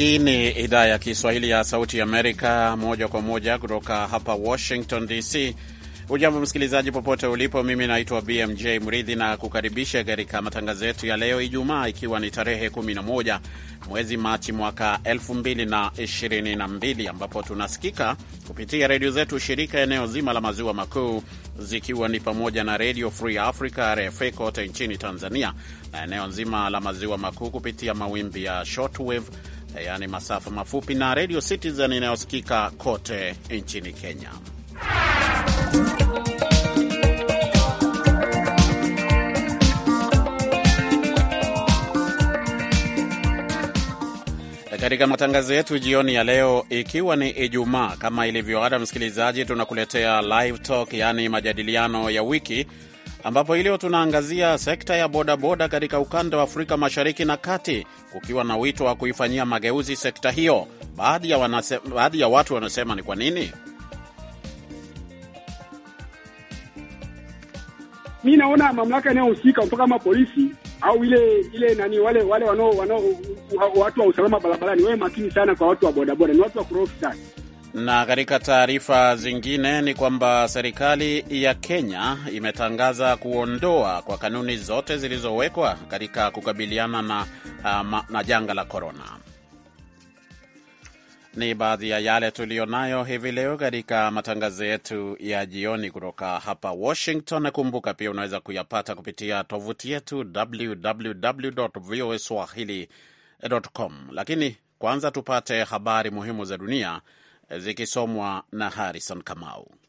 Hii ni idhaa ya Kiswahili ya Sauti ya Amerika, moja kwa moja kutoka hapa Washington DC. Ujambo msikilizaji, popote ulipo. Mimi naitwa BMJ Mridhi na kukaribisha katika matangazo yetu ya leo Ijumaa, ikiwa ni tarehe 11 mwezi Machi mwaka 2022 ambapo tunasikika kupitia redio zetu shirika eneo zima la maziwa makuu, zikiwa ni pamoja na Redio Free Africa RFA kote nchini Tanzania na eneo zima la maziwa makuu kupitia mawimbi ya shortwave yaani masafa mafupi na Radio Citizen inayosikika kote nchini Kenya. Eh, katika matangazo yetu jioni ya leo, ikiwa ni Ijumaa, kama ilivyo ada, msikilizaji, tunakuletea live talk, yaani majadiliano ya wiki ambapo hii leo tunaangazia sekta ya bodaboda katika ukanda wa Afrika Mashariki na Kati, kukiwa na wito wa kuifanyia mageuzi sekta hiyo. Baadhi ya, wanase, baadhi ya watu wanasema ni kwa nini? Mi naona mamlaka inayohusika mpaka kama polisi au ile ile nani wale wale wanao watu wa usalama barabarani wawe makini sana kwa watu wa bodaboda, ni watu wa kurofi sana na katika taarifa zingine ni kwamba serikali ya Kenya imetangaza kuondoa kwa kanuni zote zilizowekwa katika kukabiliana na, na, uh, na janga la korona. Ni baadhi ya yale tuliyonayo hivi leo katika matangazo yetu ya jioni kutoka hapa Washington. kumbuka pia unaweza kuyapata kupitia tovuti yetu swahilicom lakini kwanza tupate habari muhimu za dunia zikisomwa na Harrison Kamau.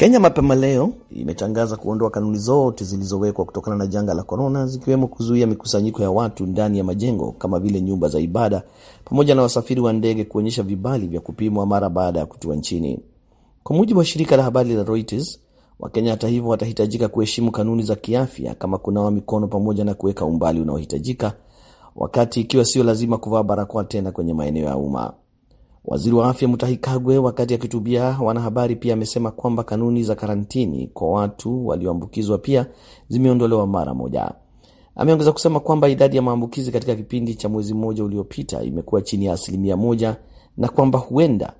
Kenya mapema leo imetangaza kuondoa kanuni zote zilizowekwa kutokana na janga la korona, zikiwemo kuzuia mikusanyiko ya watu ndani ya majengo kama vile nyumba za ibada, pamoja na wasafiri wa ndege kuonyesha vibali vya kupimwa mara baada ya kutua nchini, kwa mujibu wa shirika la habari la Reuters. Wakenya hata hivyo watahitajika kuheshimu kanuni za kiafya kama kunawa mikono pamoja na kuweka umbali unaohitajika, wakati ikiwa sio lazima kuvaa barakoa tena kwenye maeneo ya umma. Waziri wa Afya Mutahi Kagwe wakati akitubia wanahabari pia amesema kwamba kanuni za karantini kwa watu walioambukizwa pia zimeondolewa mara moja. Ameongeza kusema kwamba idadi ya maambukizi katika kipindi cha mwezi mmoja uliopita imekuwa chini ya asilimia moja na kwamba huenda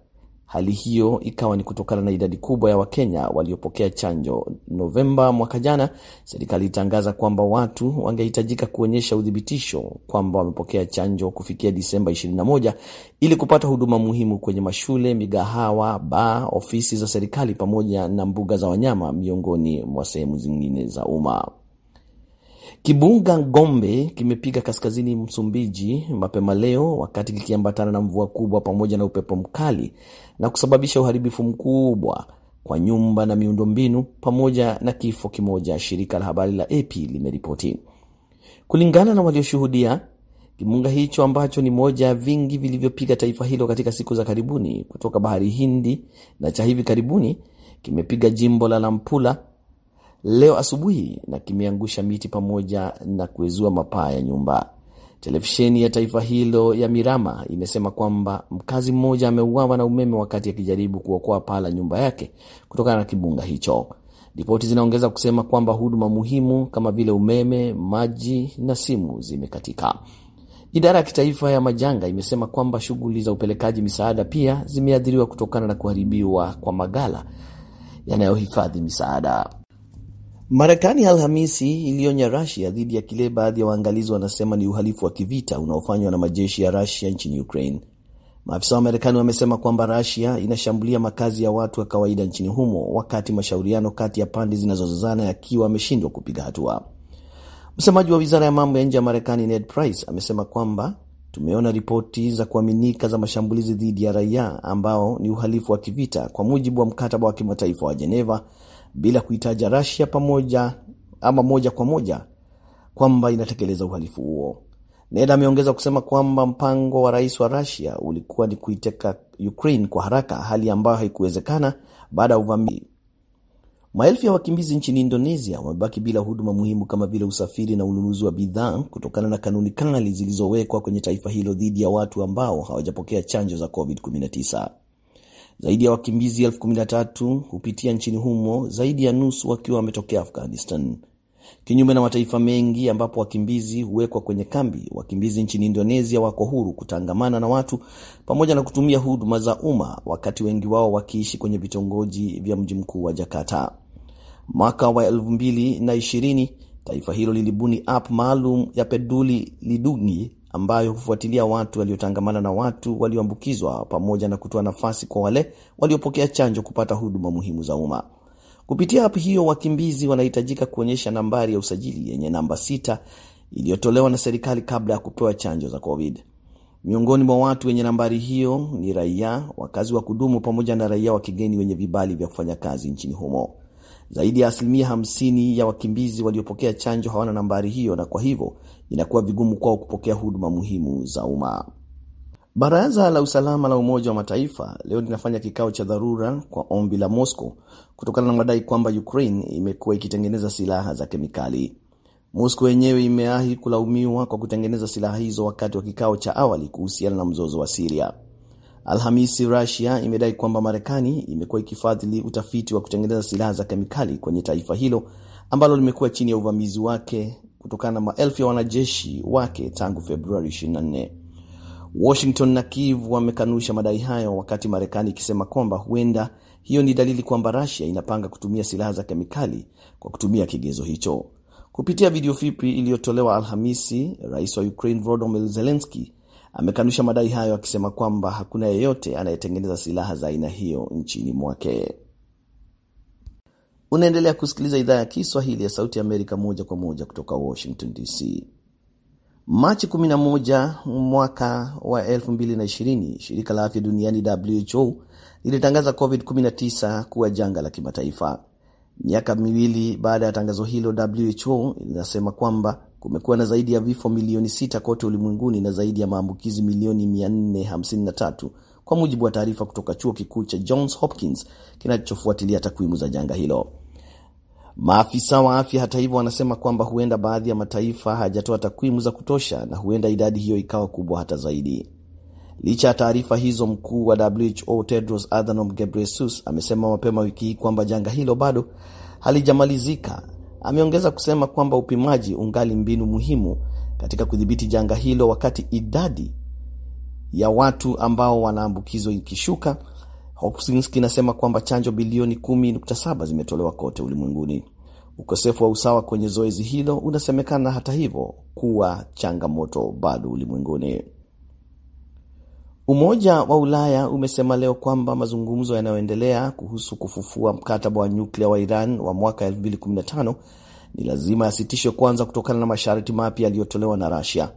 Hali hiyo ikawa ni kutokana na idadi kubwa ya Wakenya waliopokea chanjo. Novemba mwaka jana, serikali ilitangaza kwamba watu wangehitajika kuonyesha uthibitisho kwamba wamepokea chanjo kufikia Disemba 21 ili kupata huduma muhimu kwenye mashule, migahawa, baa, ofisi za serikali pamoja na mbuga za wanyama, miongoni mwa sehemu zingine za umma kibunga Gombe kimepiga kaskazini Msumbiji mapema leo wakati kikiambatana na mvua kubwa pamoja na upepo mkali na kusababisha uharibifu mkubwa kwa nyumba na miundombinu pamoja na kifo kimoja, shirika la habari la AP limeripoti. Kulingana na walioshuhudia, kimbunga hicho ambacho ni moja ya vingi vilivyopiga taifa hilo katika siku za karibuni kutoka bahari Hindi na cha hivi karibuni kimepiga jimbo la Lampula Leo asubuhi na kimeangusha miti pamoja na kuezua mapaa ya nyumba. Televisheni ya taifa hilo ya Mirama imesema kwamba mkazi mmoja ameuawa na umeme wakati akijaribu kuokoa paa la nyumba yake kutokana na kimbunga hicho. Ripoti zinaongeza kusema kwamba huduma muhimu kama vile umeme, maji na simu zimekatika. Idara ya kitaifa ya majanga imesema kwamba shughuli za upelekaji misaada pia zimeathiriwa kutokana na kuharibiwa kwa magala yanayohifadhi misaada. Marekani Alhamisi ilionya Rusia dhidi ya kile baadhi ya waangalizi wanasema ni uhalifu wa kivita unaofanywa na majeshi ya Rusia nchini Ukraine. Maafisa wa Marekani wamesema kwamba Rusia inashambulia makazi ya watu wa kawaida nchini humo, wakati mashauriano kati ya pande zinazozozana yakiwa ameshindwa kupiga hatua. Msemaji wa wizara ya mambo ya nje ya Marekani Ned Price amesema kwamba tumeona ripoti za kuaminika za mashambulizi dhidi ya raia ambao ni uhalifu wa kivita kwa mujibu wa mkataba wa kimataifa wa Jeneva bila kuitaja Rasia pamoja ama moja kwa moja kwamba inatekeleza uhalifu huo. Ned ameongeza kusema kwamba mpango wa rais wa Rasia ulikuwa ni kuiteka Ukraine kwa haraka, hali ambayo haikuwezekana baada ya uvamizi. Maelfu ya wakimbizi nchini Indonesia wamebaki bila huduma muhimu kama vile usafiri na ununuzi wa bidhaa kutokana na kanuni kali zilizowekwa kwenye taifa hilo dhidi ya watu ambao hawajapokea chanjo za COVID-19. Zaidi ya wakimbizi elfu kumi na tatu hupitia nchini humo, zaidi ya nusu wakiwa wametokea Afghanistan. Kinyume na mataifa mengi ambapo wakimbizi huwekwa kwenye kambi, wakimbizi nchini Indonesia wako huru kutangamana na watu pamoja na kutumia huduma za umma, wakati wengi wao wakiishi kwenye vitongoji vya mji mkuu wa Jakarta. Mwaka wa elfu mbili na ishirini taifa hilo lilibuni app maalum ya Peduli lidungi ambayo hufuatilia watu waliotangamana na watu walioambukizwa pamoja na kutoa nafasi kwa wale waliopokea chanjo kupata huduma muhimu za umma. Kupitia app hiyo, wakimbizi wanahitajika kuonyesha nambari ya usajili yenye namba sita iliyotolewa na serikali kabla ya kupewa chanjo za COVID. Miongoni mwa watu wenye nambari hiyo ni raia, wakazi wa kudumu pamoja na raia wa kigeni wenye vibali vya kufanya kazi nchini humo. Zaidi ya asilimia 50 ya wakimbizi waliopokea chanjo hawana nambari hiyo, na kwa hivyo inakuwa vigumu kwao kupokea huduma muhimu za umma. Baraza la Usalama la Umoja wa Mataifa leo linafanya kikao cha dharura kwa ombi la Moscow kutokana na madai kwamba Ukraine imekuwa ikitengeneza silaha za kemikali. Moscow yenyewe imeahi kulaumiwa kwa kutengeneza silaha hizo wakati wa kikao cha awali kuhusiana na mzozo wa Siria. Alhamisi, rusia imedai kwamba Marekani imekuwa ikifadhili utafiti wa kutengeneza silaha za kemikali kwenye taifa hilo ambalo limekuwa chini ya uvamizi wake kutokana na maelfu ya wanajeshi wake tangu Februari 24. Washington na Kiev wamekanusha madai hayo, wakati Marekani ikisema kwamba huenda hiyo ni dalili kwamba rasia inapanga kutumia silaha za kemikali kwa kutumia kigezo hicho. Kupitia video fupi iliyotolewa Alhamisi, rais wa Ukraine Volodymyr Zelensky amekanusha madai hayo akisema kwamba hakuna yeyote anayetengeneza silaha za aina hiyo nchini mwake. Unaendelea kusikiliza idhaa ya Kiswahili ya Sauti Amerika moja kwa moja kutoka Washington DC. Machi 11 mwaka wa 2020, shirika la afya duniani WHO lilitangaza COVID-19 kuwa janga la kimataifa. Miaka miwili baada ya tangazo hilo, WHO linasema kwamba kumekuwa na zaidi ya vifo milioni 6 kote ulimwenguni na zaidi ya maambukizi milioni 453 kwa mujibu wa taarifa kutoka chuo kikuu cha Johns Hopkins kinachofuatilia takwimu za janga hilo. Maafisa wa afya hata hivyo, wanasema kwamba huenda baadhi ya mataifa hayajatoa takwimu za kutosha na huenda idadi hiyo ikawa kubwa hata zaidi. Licha ya taarifa hizo, mkuu wa WHO Tedros Adhanom Ghebreyesus amesema mapema wiki hii kwamba janga hilo bado halijamalizika. Ameongeza kusema kwamba upimaji ungali mbinu muhimu katika kudhibiti janga hilo, wakati idadi ya watu ambao wanaambukizwa ikishuka Hopkins inasema kwamba chanjo bilioni 10.7 zimetolewa kote ulimwenguni. Ukosefu wa usawa kwenye zoezi hilo unasemekana hata hivyo kuwa changamoto bado ulimwenguni. Umoja wa Ulaya umesema leo kwamba mazungumzo yanayoendelea kuhusu kufufua mkataba wa nyuklia wa Iran wa mwaka 2015 ni lazima yasitishwe kwanza kutokana na masharti mapya yaliyotolewa na Russia.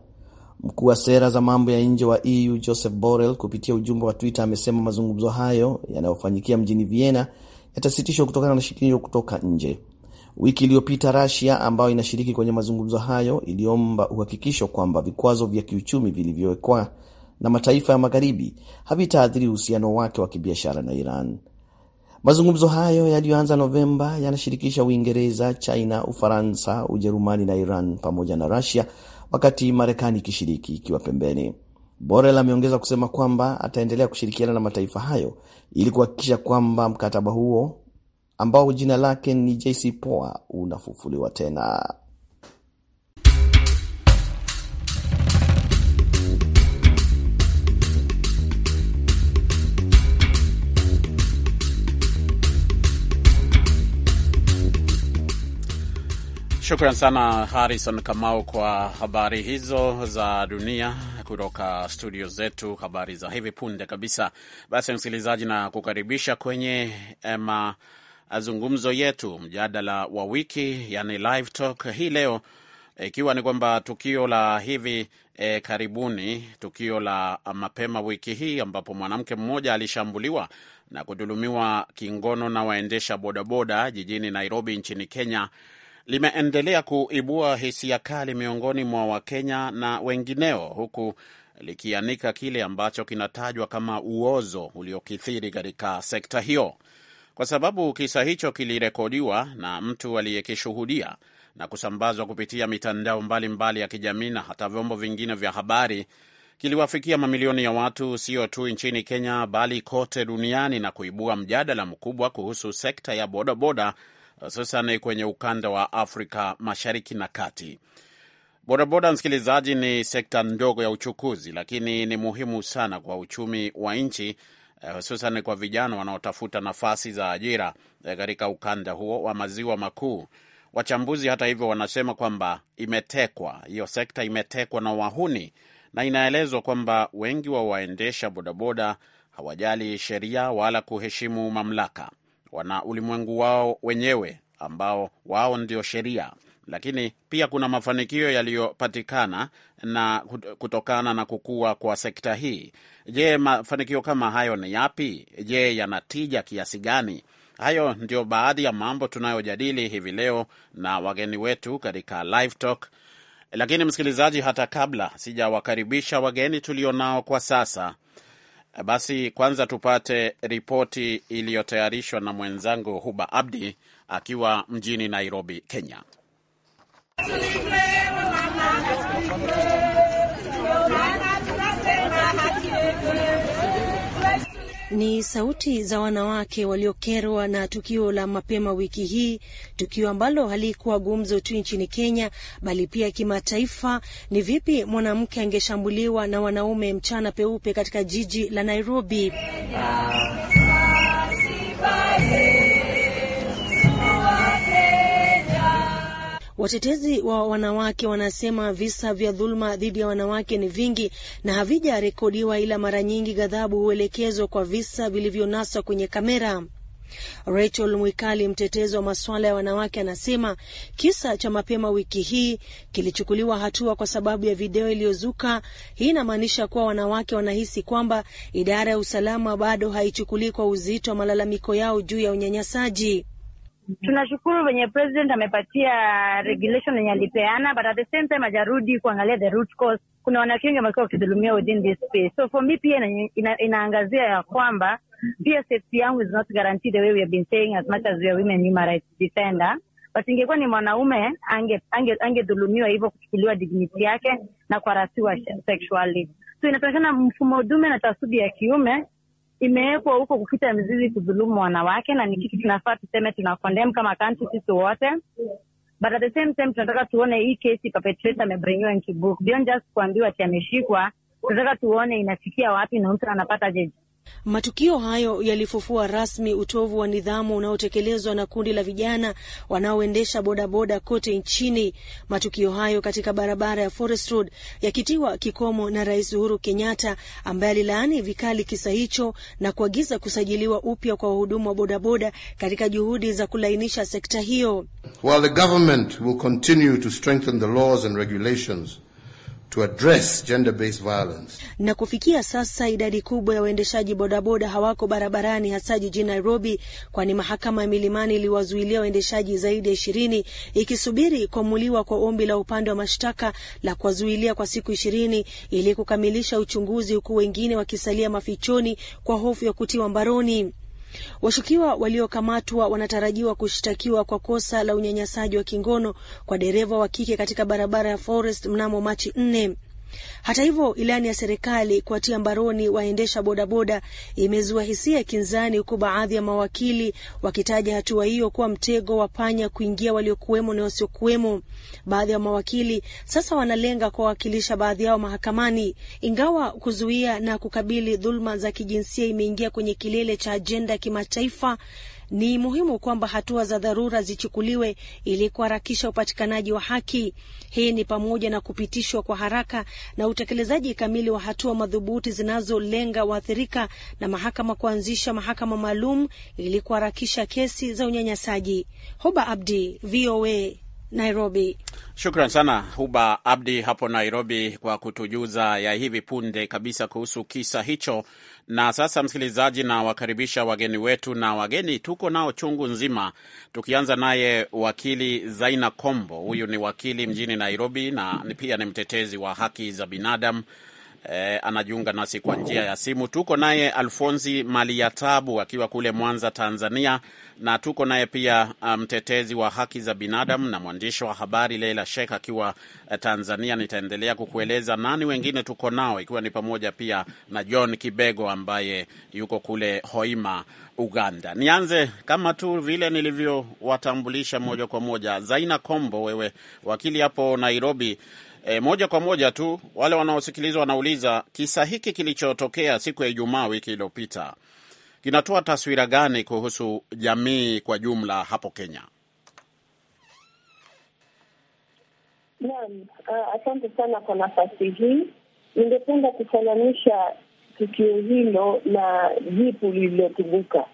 Mkuu wa sera za mambo ya nje wa EU joseph Borrell kupitia ujumbe wa Twitter amesema mazungumzo hayo yanayofanyikia mjini Vienna yatasitishwa kutokana na shinikizo kutoka nje. Wiki iliyopita Russia ambayo inashiriki kwenye mazungumzo hayo iliomba uhakikisho kwamba vikwazo vya kiuchumi vilivyowekwa na mataifa ya magharibi havitaathiri uhusiano wake wa kibiashara na Iran. Mazungumzo hayo yaliyoanza Novemba yanashirikisha Uingereza, China, Ufaransa, Ujerumani na Iran pamoja na Russia wakati Marekani ikishiriki ikiwa pembeni. borel ameongeza kusema kwamba ataendelea kushirikiana na mataifa hayo ili kuhakikisha kwamba mkataba huo ambao jina lake ni JCPOA unafufuliwa tena. Shukran sana Harrison Kamau kwa habari hizo za dunia kutoka studio zetu, habari za hivi punde kabisa. Basi msikilizaji, na kukaribisha kwenye mazungumzo yetu, mjadala wa wiki, yani live talk hii leo, ikiwa ni kwamba tukio la hivi e, karibuni, tukio la mapema wiki hii ambapo mwanamke mmoja alishambuliwa na kudhulumiwa kingono na waendesha bodaboda jijini Nairobi nchini Kenya limeendelea kuibua hisia kali miongoni mwa Wakenya na wengineo huku likianika kile ambacho kinatajwa kama uozo uliokithiri katika sekta hiyo, kwa sababu kisa hicho kilirekodiwa na mtu aliyekishuhudia na kusambazwa kupitia mitandao mbalimbali mbali ya kijamii na hata vyombo vingine vya habari. Kiliwafikia mamilioni ya watu, sio tu nchini Kenya, bali kote duniani na kuibua mjadala mkubwa kuhusu sekta ya bodaboda hususan kwenye ukanda wa Afrika Mashariki na Kati. Bodaboda, msikilizaji, ni sekta ndogo ya uchukuzi, lakini ni muhimu sana kwa uchumi wa nchi eh, hususan kwa vijana wanaotafuta nafasi za ajira eh, katika ukanda huo wa maziwa makuu. Wachambuzi hata hivyo, wanasema kwamba imetekwa hiyo sekta, imetekwa na wahuni, na inaelezwa kwamba wengi wa waendesha bodaboda hawajali sheria wala kuheshimu mamlaka wana ulimwengu wao wenyewe ambao wao ndio sheria, lakini pia kuna mafanikio yaliyopatikana na kutokana na kukua kwa sekta hii. Je, mafanikio kama hayo ni yapi? Je, yanatija kiasi gani? Hayo ndio baadhi ya mambo tunayojadili hivi leo na wageni wetu katika Live Talk. Lakini msikilizaji, hata kabla sijawakaribisha wageni tulionao kwa sasa basi kwanza tupate ripoti iliyotayarishwa na mwenzangu Huba Abdi akiwa mjini Nairobi, Kenya. Ni sauti za wanawake waliokerwa na tukio la mapema wiki hii, tukio ambalo halikuwa gumzo tu nchini Kenya bali pia kimataifa. Ni vipi mwanamke angeshambuliwa na wanaume mchana peupe katika jiji la Nairobi? Ah, Watetezi wa wanawake wanasema visa vya dhuluma dhidi ya wanawake ni vingi na havijarekodiwa, ila mara nyingi ghadhabu huelekezwa kwa visa vilivyonaswa kwenye kamera. Rachel Mwikali, mtetezi wa masuala ya wanawake, anasema kisa cha mapema wiki hii kilichukuliwa hatua kwa sababu ya video iliyozuka. Hii inamaanisha kuwa wanawake wanahisi kwamba idara ya usalama bado haichukulii kwa uzito wa malalamiko yao juu ya unyanyasaji. Mhm. Tunashukuru venye president amepatia regulation yenye alipeana, but at the same time ajarudi kuangalia the root cause. Kuna wanawake wengi wamekuwa wakidhulumiwa within this space, so for me pia ina, ina, inaangazia ya kwamba pia safety yangu is not guaranteed the way we have been saying as much as we are women human rights defender but ingekuwa ni mwanaume angedhulumiwa ange hivyo kuchukuliwa dignity yake na kuharasiwa sexually. So inatonekana mfumo dume na taasubi ya kiume imewekwa huko kukita mzizi kudhulumu wanawake, na ni kitu tunafaa tuseme tuna condemn kama kanti sisi wote, but at the same time tunataka tuone hii kesi perpetrator amebringiwa into book beyond just kuambiwa ati ameshikwa. Tunataka tuone inafikia wapi na mtu anapata jeji Matukio hayo yalifufua rasmi utovu wa nidhamu unaotekelezwa na kundi la vijana wanaoendesha bodaboda kote nchini. Matukio hayo katika barabara ya Forest Road yakitiwa kikomo na Rais Uhuru Kenyatta ambaye alilaani vikali kisa hicho na kuagiza kusajiliwa upya kwa wahudumu wa bodaboda katika juhudi za kulainisha sekta hiyo. While the government will continue to strengthen the laws and regulations to address gender-based violence. Na kufikia sasa idadi kubwa ya waendeshaji bodaboda hawako barabarani hasa jijini Nairobi, kwani mahakama ya Milimani iliwazuilia waendeshaji zaidi ya ishirini ikisubiri kuamuliwa kwa ombi la upande wa mashtaka la kuwazuilia kwa siku ishirini ili kukamilisha uchunguzi, huku wengine wakisalia mafichoni kwa hofu ya kutiwa mbaroni. Washukiwa waliokamatwa wanatarajiwa kushtakiwa kwa kosa la unyanyasaji wa kingono kwa dereva wa kike katika barabara ya Forest mnamo Machi nne. Hata hivyo, ilani ya serikali kuwatia mbaroni waendesha bodaboda imezua hisia kinzani, huku baadhi ya mawakili wakitaja hatua hiyo kuwa mtego wa panya kuingia waliokuwemo na wasiokuwemo. Baadhi ya mawakili sasa wanalenga kuwawakilisha baadhi yao mahakamani, ingawa kuzuia na kukabili dhuluma za kijinsia imeingia kwenye kilele cha ajenda ya kimataifa ni muhimu kwamba hatua za dharura zichukuliwe ili kuharakisha upatikanaji wa haki. Hii ni pamoja na kupitishwa kwa haraka na utekelezaji kamili wa hatua madhubuti zinazolenga waathirika na mahakama kuanzisha mahakama maalum ili kuharakisha kesi za unyanyasaji. Hoba Abdi, VOA. Nairobi. Shukran sana Huba Abdi hapo Nairobi kwa kutujuza ya hivi punde kabisa kuhusu kisa hicho. Na sasa, msikilizaji, nawakaribisha wageni wetu na wageni tuko nao chungu nzima, tukianza naye wakili Zaina Kombo. Huyu ni wakili mjini Nairobi na pia ni mtetezi wa haki za binadamu eh, anajiunga nasi kwa njia ya simu. Tuko naye Alfonsi maliyatabu akiwa kule Mwanza, Tanzania, na tuko naye pia uh, mtetezi um, wa haki za binadamu na mwandishi wa habari Leila Sheikh akiwa uh, Tanzania. Nitaendelea kukueleza nani wengine tuko nao, ikiwa ni pamoja pia na John Kibego ambaye yuko kule Hoima, Uganda. Nianze kama tu vile nilivyowatambulisha moja kwa moja. Zaina Kombo, wewe wakili hapo Nairobi. E, moja kwa moja tu wale wanaosikilizwa wanauliza kisa hiki kilichotokea siku ya Ijumaa wiki iliyopita kinatoa taswira gani kuhusu jamii kwa jumla hapo Kenya? Naam, uh, asante sana kwa nafasi hii. Ningependa kufananisha tukio hilo na jipu lililotubuka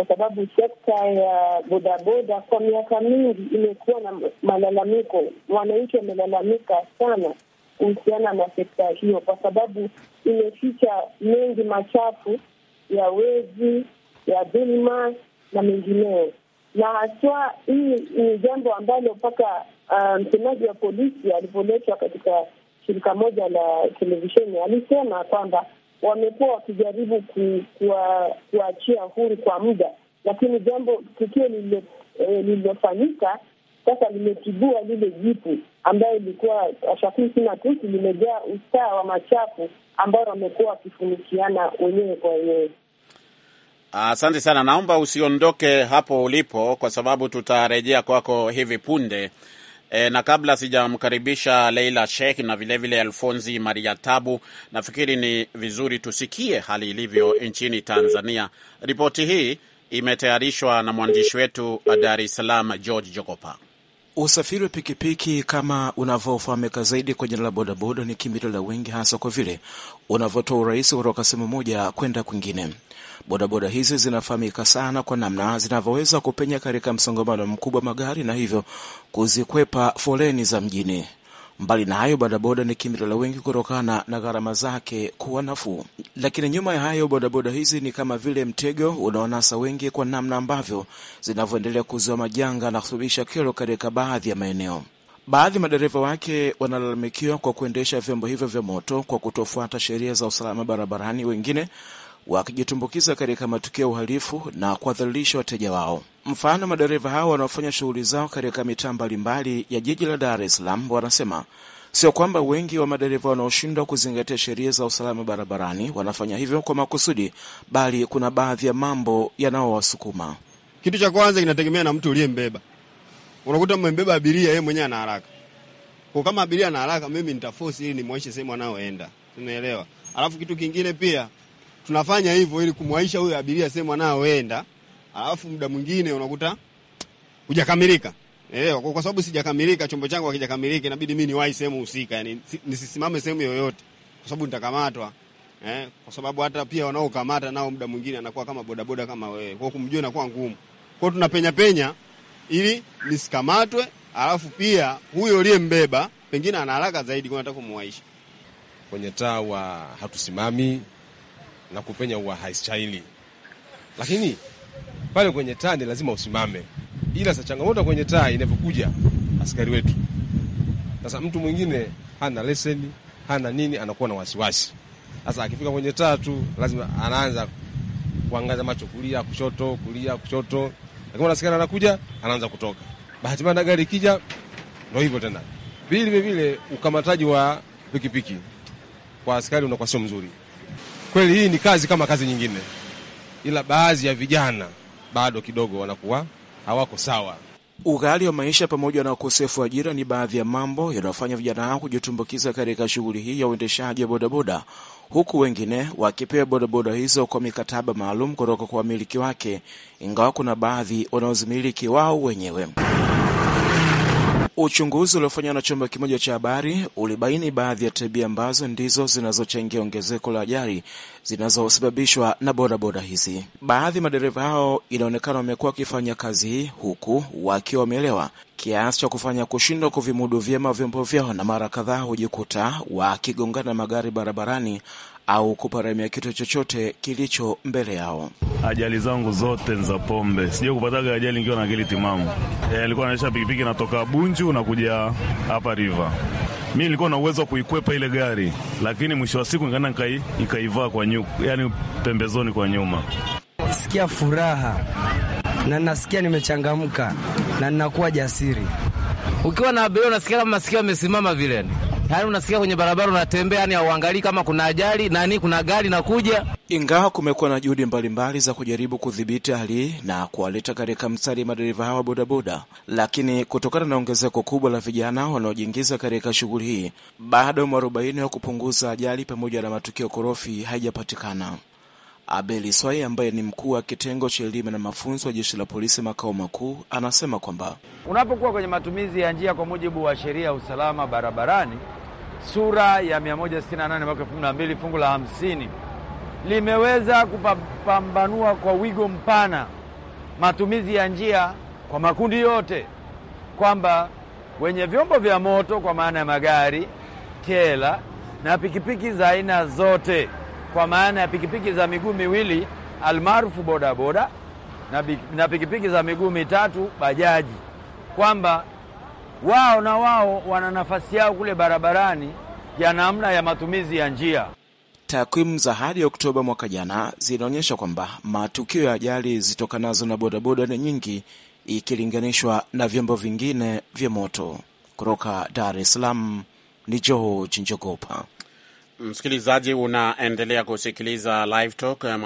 kwa sababu sekta ya bodaboda kwa miaka mingi imekuwa na malalamiko. Wananchi wamelalamika sana kuhusiana na sekta hiyo, kwa sababu imeficha mengi machafu ya wezi, ya dhuluma na mengineo, na haswa hii ni jambo ambalo mpaka uh, msemaji um, wa polisi alivyoletwa katika shirika moja la televisheni alisema kwamba wamekuwa wakijaribu kuachia huru kwa muda, lakini jambo tukio eh, lililofanyika e, sasa limetibua lile jipu ambayo ilikuwa shakii sina tusi limejaa ustaa wa machafu ambayo wamekuwa wakifunikiana wenyewe kwa wenyewe. Asante sana, naomba usiondoke hapo ulipo, kwa sababu tutarejea kwako hivi punde. E, na kabla sijamkaribisha Leila Sheikh na vilevile Alfonzi Maria Tabu, nafikiri ni vizuri tusikie hali ilivyo nchini Tanzania. Ripoti hii imetayarishwa na mwandishi wetu Dar es Salaam, George Jogopa. Usafiri wa pikipiki kama unavyofahamika zaidi kwa jina la bodaboda ni kimbilio la wengi, hasa kwa vile unavyotoa urahisi kutoka sehemu moja kwenda kwingine. Bodaboda hizi zinafahamika sana kwa namna zinavyoweza kupenya katika msongamano mkubwa wa magari na hivyo kuzikwepa foleni za mjini. Mbali na hayo, bodaboda ni kimbilio la wengi kutokana na gharama zake kuwa nafuu. Lakini nyuma ya hayo, bodaboda hizi ni kama vile mtego unaonasa wengi kwa namna ambavyo zinavyoendelea kuzua majanga na kusababisha kero katika baadhi ya maeneo. Baadhi ya madereva wake wanalalamikiwa kwa kuendesha vyombo hivyo vya moto kwa kutofuata sheria za usalama barabarani, wengine wakijitumbukiza katika matukio ya uhalifu na kuwadhalilisha wateja wao. Mfano, madereva hao wanaofanya shughuli zao katika mitaa mbalimbali ya jiji la Dar es Salaam wanasema sio kwamba wengi wa madereva wanaoshindwa kuzingatia sheria za usalama barabarani wanafanya hivyo kwa makusudi, bali kuna baadhi ya mambo yanayowasukuma. Kitu cha kwanza kinategemea na mtu uliyembeba. Unakuta mmembeba abiria, yeye mwenyewe ana haraka. Kwa kama abiria ana haraka, mimi nitaforce ili nimwaishe sehemu anayoenda, unaelewa? Alafu kitu kingine pia tunafanya hivyo ili kumwaisha huyo abiria sehemu anayoenda, alafu muda mwingine unakuta hujakamilika. Eh, kwa sababu sijakamilika, chombo changu hakijakamilika, inabidi mimi niwahi sehemu husika, yani nisisimame sehemu yoyote, kwa sababu nitakamatwa. Eh, kwa sababu hata pia wanaokamata nao muda mwingine anakuwa kama bodaboda kama wewe, kwa kumjua inakuwa ngumu. Kwa hiyo tunapenya penya ili nisikamatwe, alafu pia huyo aliyembeba pengine ana haraka zaidi, kwa nataka kumwaisha kwenye taa wa hatusimami na kupenya huwa haistahili, lakini pale kwenye taa ni lazima usimame. Ila sa changamoto kwenye taa inavyokuja askari wetu sasa, mtu mwingine hana leseni hana nini, anakuwa na wasiwasi sasa. Akifika kwenye taa tu lazima anaanza kuangaza macho kulia kushoto, kulia kushoto, lakini askari anakuja anaanza kutoka. Bahati mbaya gari ikija, ndo hivyo tena. Vile vile ukamataji wa pikipiki kwa askari unakuwa sio mzuri. Kweli hii ni kazi kama kazi nyingine, ila baadhi ya vijana bado kidogo wanakuwa hawako sawa. Ughali wa maisha pamoja na ukosefu wa ajira ni baadhi ya mambo yanayofanya vijana hao kujitumbukiza katika shughuli hii ya uendeshaji wa bodaboda, huku wengine wakipewa bodaboda hizo kwa mikataba maalum kutoka kwa wamiliki wake, ingawa kuna baadhi wanaozimiliki wao wenyewe. Uchunguzi uliofanywa na chombo kimoja cha habari ulibaini baadhi ya tabia ambazo ndizo zinazochangia ongezeko la ajali zinazosababishwa na bodaboda hizi. Baadhi ya madereva hao inaonekana wamekuwa wakifanya kazi hii huku wakiwa wameelewa kiasi cha kufanya kushindwa kuvimudu vyema vyombo vyao, na mara kadhaa hujikuta wakigongana magari barabarani au kuparamia kitu chochote kilicho mbele yao. Ajali zangu zote ni za pombe, sija kupataga ajali nikiwa na akili timamu. Alikuwa eh, e, pikipiki natoka Bunju na kuja hapa Riva. Mi nilikuwa na uwezo wa kuikwepa ile gari, lakini mwisho wa siku nikaenda ikaivaa kwa nyuku, yani pembezoni kwa nyuma. Sikia furaha na nasikia nimechangamka na ninakuwa jasiri. Ukiwa na abiria unasikia kama masikio yamesimama vileni yaani unasikia kwenye barabara unatembea, yani hauangalii kama kuna ajali nani, kuna gari nakuja. Ingawa kumekuwa na juhudi mbalimbali za kujaribu kudhibiti hali na kuwaleta katika mstari madereva hawa bodaboda, lakini kutokana na ongezeko kubwa la vijana wanaojiingiza katika shughuli hii, bado mwarobaini wa kupunguza ajali pamoja na matukio korofi haijapatikana. Abeli Swai ambaye ni mkuu wa kitengo cha elimu na mafunzo ya jeshi la polisi makao makuu anasema kwamba unapokuwa kwenye matumizi ya njia kwa mujibu wa sheria ya usalama barabarani sura ya 168 mwaka 2012 fungu la 50 limeweza kupambanua kwa wigo mpana matumizi ya njia kwa makundi yote, kwamba wenye vyombo vya moto kwa maana ya magari, tela na pikipiki za aina zote, kwa maana ya pikipiki za miguu miwili almaarufu bodaboda na pikipiki za miguu mitatu bajaji, kwamba wao na wao wana nafasi yao kule barabarani ya namna ya matumizi ya njia. Takwimu za hadi Oktoba mwaka jana zinaonyesha kwamba matukio ya ajali zitokanazo na bodaboda ni nyingi ikilinganishwa na vyombo vingine vya moto. Kutoka Dar es Salaam ni George Njogopa. Msikilizaji, unaendelea kusikiliza Live Talk, eh,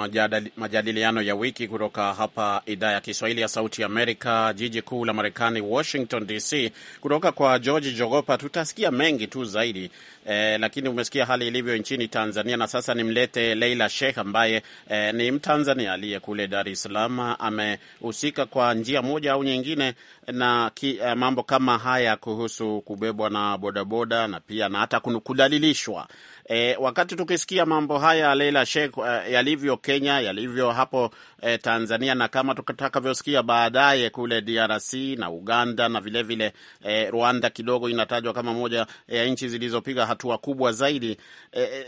majadiliano ya wiki kutoka hapa idhaa ya Kiswahili ya Sauti Amerika, jiji kuu la Marekani, Washington DC. Kutoka kwa George Jogopa tutasikia mengi tu zaidi eh, lakini umesikia hali ilivyo nchini Tanzania. Na sasa nimlete Leila Sheikh ambaye eh, ni Mtanzania aliye kule Dar es Salaam, amehusika kwa njia moja au nyingine na ki, eh, mambo kama haya kuhusu kubebwa na bodaboda na pia na hata kudalilishwa. E, wakati tukisikia mambo haya Leila Sheikh, eh, yalivyo Kenya, yalivyo hapo eh, Tanzania na kama tutakavyosikia baadaye kule DRC na Uganda na vilevile vile, eh, Rwanda kidogo inatajwa kama moja ya eh, nchi zilizopiga hatua kubwa zaidi. E,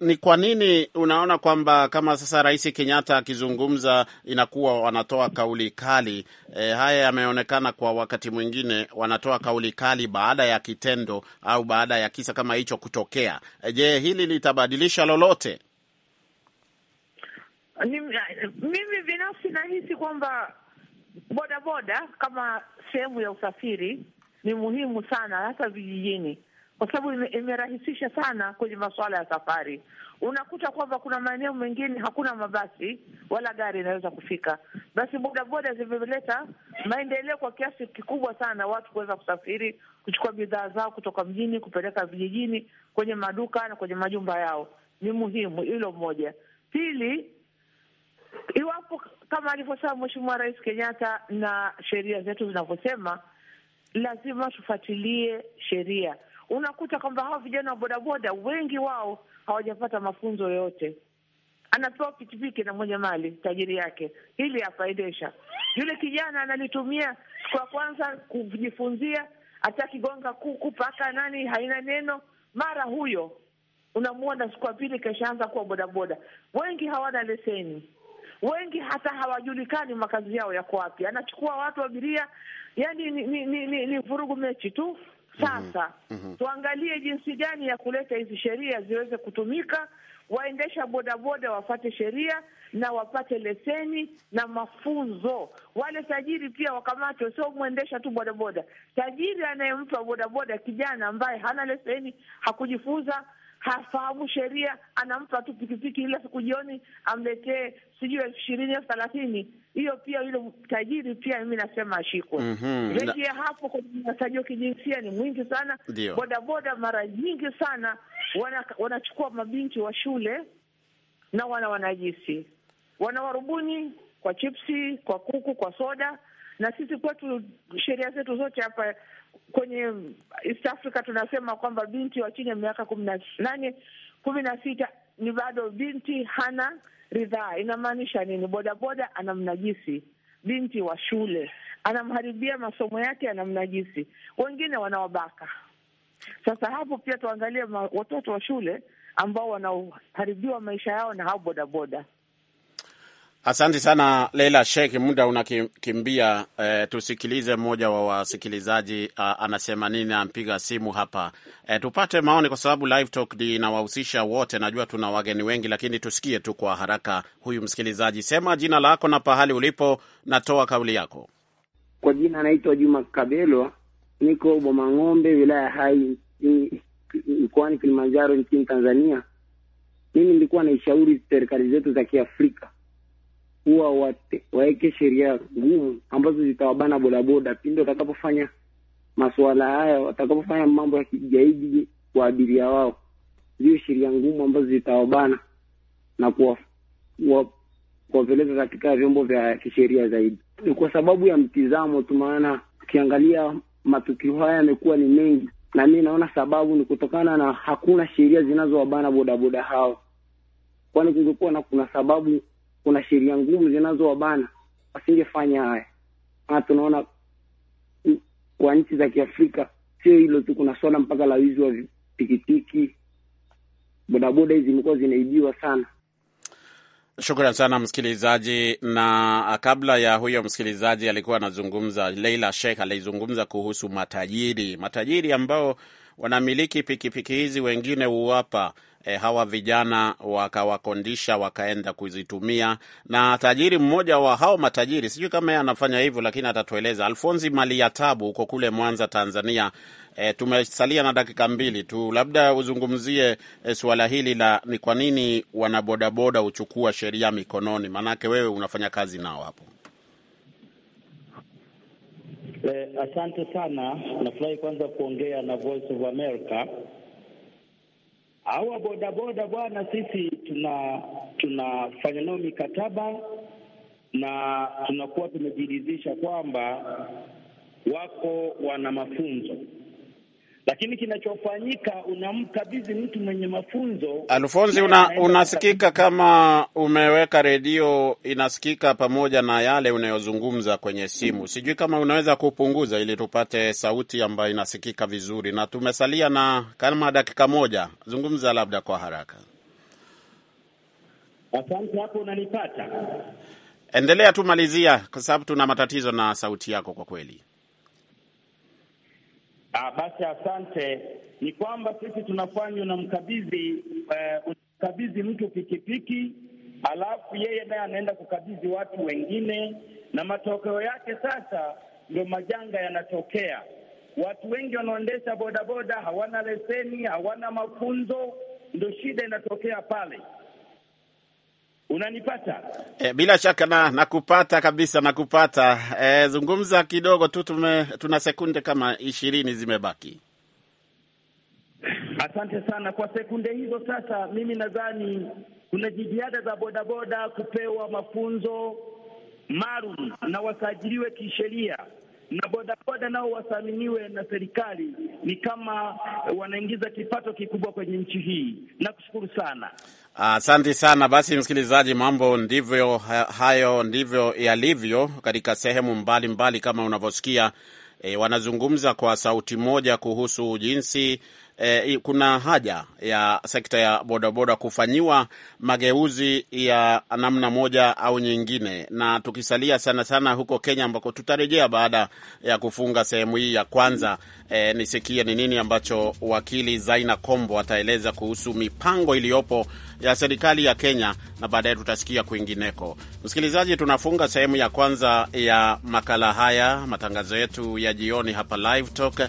ni kwa nini unaona kwamba kama sasa Rais Kenyatta akizungumza inakuwa wanatoa kauli kali? E, haya yameonekana kwa wakati mwingine wanatoa kauli kali baada ya kitendo au baada ya kisa kama hicho kutokea. E, je, hili litabadilisha lolote? Mimi binafsi nahisi kwamba bodaboda kama sehemu ya usafiri ni muhimu sana hasa vijijini, kwa sababu imerahisisha sana kwenye masuala ya safari. Unakuta kwamba kuna maeneo mengine hakuna mabasi wala gari inaweza kufika, basi bodaboda zimeleta maendeleo kwa kiasi kikubwa sana, watu kuweza kusafiri kuchukua bidhaa zao kutoka mjini kupeleka vijijini, kwenye maduka na kwenye majumba yao. Ni muhimu hilo moja. Pili, iwapo kama alivyosema Mheshimiwa Rais Kenyatta na sheria zetu zinavyosema, lazima tufuatilie sheria unakuta kwamba hawa vijana wa bodaboda wengi wao hawajapata mafunzo yoyote. Anapewa pikipiki na mwenye mali tajiri yake, ili apaendesha. Yule kijana analitumia siku ya kwanza kujifunzia, atakigonga kuku paka nani, haina neno. Mara huyo unamwona siku ya pili kashaanza kuwa bodaboda. Wengi hawana leseni, wengi hata hawajulikani makazi yao yako wapi. Anachukua watu abiria, yani ni, ni, ni, ni, ni vurugu mechi tu. Sasa mm -hmm. tuangalie jinsi gani ya kuleta hizi sheria ziweze kutumika, waendesha bodaboda wafate sheria na wapate leseni na mafunzo. Wale tajiri pia wakamatwe, sio mwendesha tu bodaboda. Tajiri anayempa bodaboda kijana ambaye hana leseni, hakujifunza hafahamu sheria, anampa tu pikipiki, ila siku jioni amletee sijui elfu ishirini elfu thelathini hiyo pia yule tajiri pia mimi nasema ashikwe. mm -hmm. Zaidi ya hapo, kwenye unyanyasaji wa kijinsia ni mwingi sana. Bodaboda mara nyingi sana wanachukua wana mabinti wa shule na wana wanajisi, wanawarubuni kwa chipsi, kwa kuku, kwa soda. Na sisi kwetu sheria zetu zote hapa kwenye East Africa tunasema kwamba binti wa chini ya miaka kumi na nane kumi na sita ni bado binti hana ridhaa. Inamaanisha nini? Bodaboda anamnajisi binti wa shule, anamharibia masomo yake, anamnajisi. Wengine wanawabaka. Sasa hapo pia tuangalie watoto wa shule ambao wanaoharibiwa maisha yao na hao bodaboda. Asante sana Leila Sheikh, muda unakimbia. Eh, tusikilize mmoja wa wasikilizaji ah, anasema nini, ampiga simu hapa eh, tupate maoni, kwa sababu live talk inawahusisha wote. Najua tuna wageni wengi, lakini tusikie tu kwa haraka. Huyu msikilizaji, sema jina lako na pahali ulipo, natoa kauli yako. Kwa jina anaitwa Juma Kabelwa, niko Bomang'ombe, wilaya Hai, mkoani Kilimanjaro, nchini Tanzania. Mimi nilikuwa naishauri serikali zetu za Kiafrika kuwa waweke sheria ngumu ambazo zitawabana bodaboda pindi watakapofanya masuala haya, watakapofanya mambo ya kigaidi kwa abiria wao. Ndio sheria ngumu ambazo zitawabana na kuwapeleka katika vyombo vya kisheria zaidi. Ni kwa sababu ya mtizamo tu, maana ukiangalia matukio haya yamekuwa ni mengi, na mi naona sababu ni kutokana na hakuna sheria zinazowabana bodaboda hao, kwani kungekuwa na kuna sababu kuna sheria ngumu zinazowabana wasingefanya haya. Maana tunaona kwa nchi za Kiafrika sio hilo tu, kuna swala mpaka la wizi wa pikipiki, bodaboda hizi zimekuwa zinaibiwa sana. Shukran sana msikilizaji. Na kabla ya huyo msikilizaji, alikuwa anazungumza Leila Sheikh, alizungumza kuhusu matajiri, matajiri ambao wanamiliki pikipiki hizi wengine huwapa E, hawa vijana wakawakondisha wakaenda kuzitumia. Na tajiri mmoja wa hao matajiri, sijui kama yeye anafanya hivyo, lakini atatueleza. Alfonsi tabu huko kule Mwanza, Tanzania. E, tumesalia na dakika mbili tu, labda uzungumzie e, suala hili la ni kwa nini wanabodaboda huchukua sheria mikononi, maanake wewe unafanya kazi nao hapo. Eh, asante sana. Nafurahi kwanza kuongea na Voice of America. Hawa bodaboda bwana, sisi tuna tunafanya nao mikataba na tunakuwa tumejiridhisha kwamba wako wana mafunzo lakini kinachofanyika unamkabidhi mtu mwenye mafunzo. Alfonsi, una, unasikika kama umeweka redio inasikika pamoja na yale unayozungumza kwenye simu. Mm. Sijui kama unaweza kupunguza ili tupate sauti ambayo inasikika vizuri, na tumesalia na kama dakika moja. Zungumza labda kwa haraka. Asante, hapo unanipata? Endelea tumalizia, kwa sababu tuna matatizo na sauti yako kwa kweli. Ah, basi asante. Ni kwamba sisi tunafanya unamkabidhi, uh, eh, mtu pikipiki, alafu yeye naye anaenda kukabidhi watu wengine, na matokeo yake sasa ndio majanga yanatokea. Watu wengi wanaoendesha bodaboda hawana leseni, hawana mafunzo, ndio shida inatokea pale. Unanipata e, bila shaka na nakupata kabisa, nakupata e, zungumza kidogo tu, tume tuna sekunde kama ishirini zimebaki. Asante sana kwa sekunde hizo. Sasa mimi nadhani kuna jitihada za bodaboda kupewa mafunzo maalum na wasajiliwe kisheria na bodaboda nao wathaminiwe na serikali, ni kama wanaingiza kipato kikubwa kwenye nchi hii. Nakushukuru sana. Asante uh, sana. Basi msikilizaji, mambo ndivyo hayo, ndivyo yalivyo katika sehemu mbalimbali mbali, kama unavyosikia e, wanazungumza kwa sauti moja kuhusu jinsi e, kuna haja ya sekta ya bodaboda kufanyiwa mageuzi ya namna moja au nyingine, na tukisalia sana sana huko Kenya ambako tutarejea baada ya kufunga sehemu hii ya kwanza. E, nisikie ni nini ambacho wakili Zaina Kombo ataeleza kuhusu mipango iliyopo ya serikali ya Kenya, na baadaye tutasikia kwingineko. Msikilizaji, tunafunga sehemu ya kwanza ya makala haya, matangazo yetu ya jioni hapa Live Talk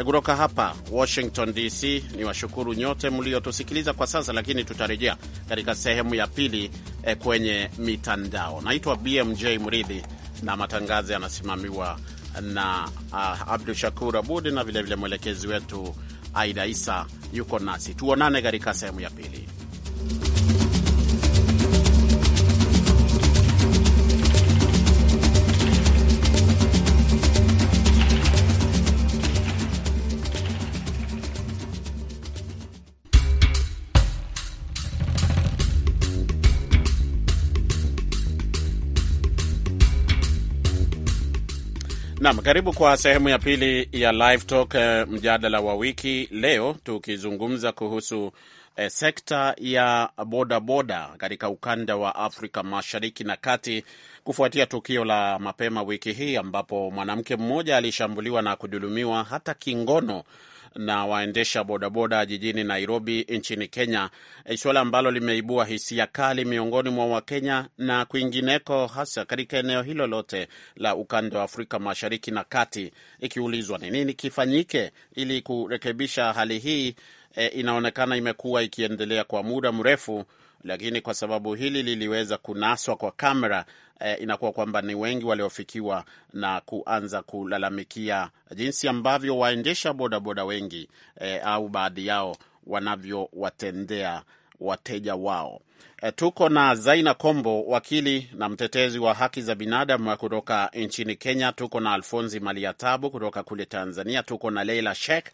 e, kutoka hapa Washington DC. Ni washukuru nyote mliotusikiliza kwa sasa, lakini tutarejea katika sehemu ya pili e, kwenye mitandao. Naitwa BMJ Mridhi na matangazo yanasimamiwa na uh, Abdu Shakur Abud na vilevile mwelekezi wetu Aida Isa yuko nasi. Tuonane katika sehemu ya pili. Nam, karibu kwa sehemu ya pili ya Live Talk, eh, mjadala wa wiki leo, tukizungumza kuhusu e, sekta ya bodaboda katika ukanda wa Afrika Mashariki na Kati kufuatia tukio la mapema wiki hii ambapo mwanamke mmoja alishambuliwa na kudhulumiwa hata kingono na waendesha bodaboda jijini Nairobi nchini Kenya, eh, suala ambalo limeibua hisia kali miongoni mwa Wakenya na kwingineko, hasa katika eneo hilo lote la ukanda wa Afrika Mashariki na Kati, ikiulizwa ni nini kifanyike ili kurekebisha hali hii e, inaonekana imekuwa ikiendelea kwa muda mrefu, lakini kwa sababu hili liliweza kunaswa kwa kamera e, inakuwa kwamba ni wengi waliofikiwa na kuanza kulalamikia jinsi ambavyo waendesha bodaboda wengi e, au baadhi yao wanavyowatendea wateja wao. Eh, tuko na Zaina Kombo, wakili na mtetezi wa haki za binadamu kutoka nchini Kenya. Tuko na Alfonsi Maliatabu kutoka kule Tanzania. Tuko na Leila Sheikh,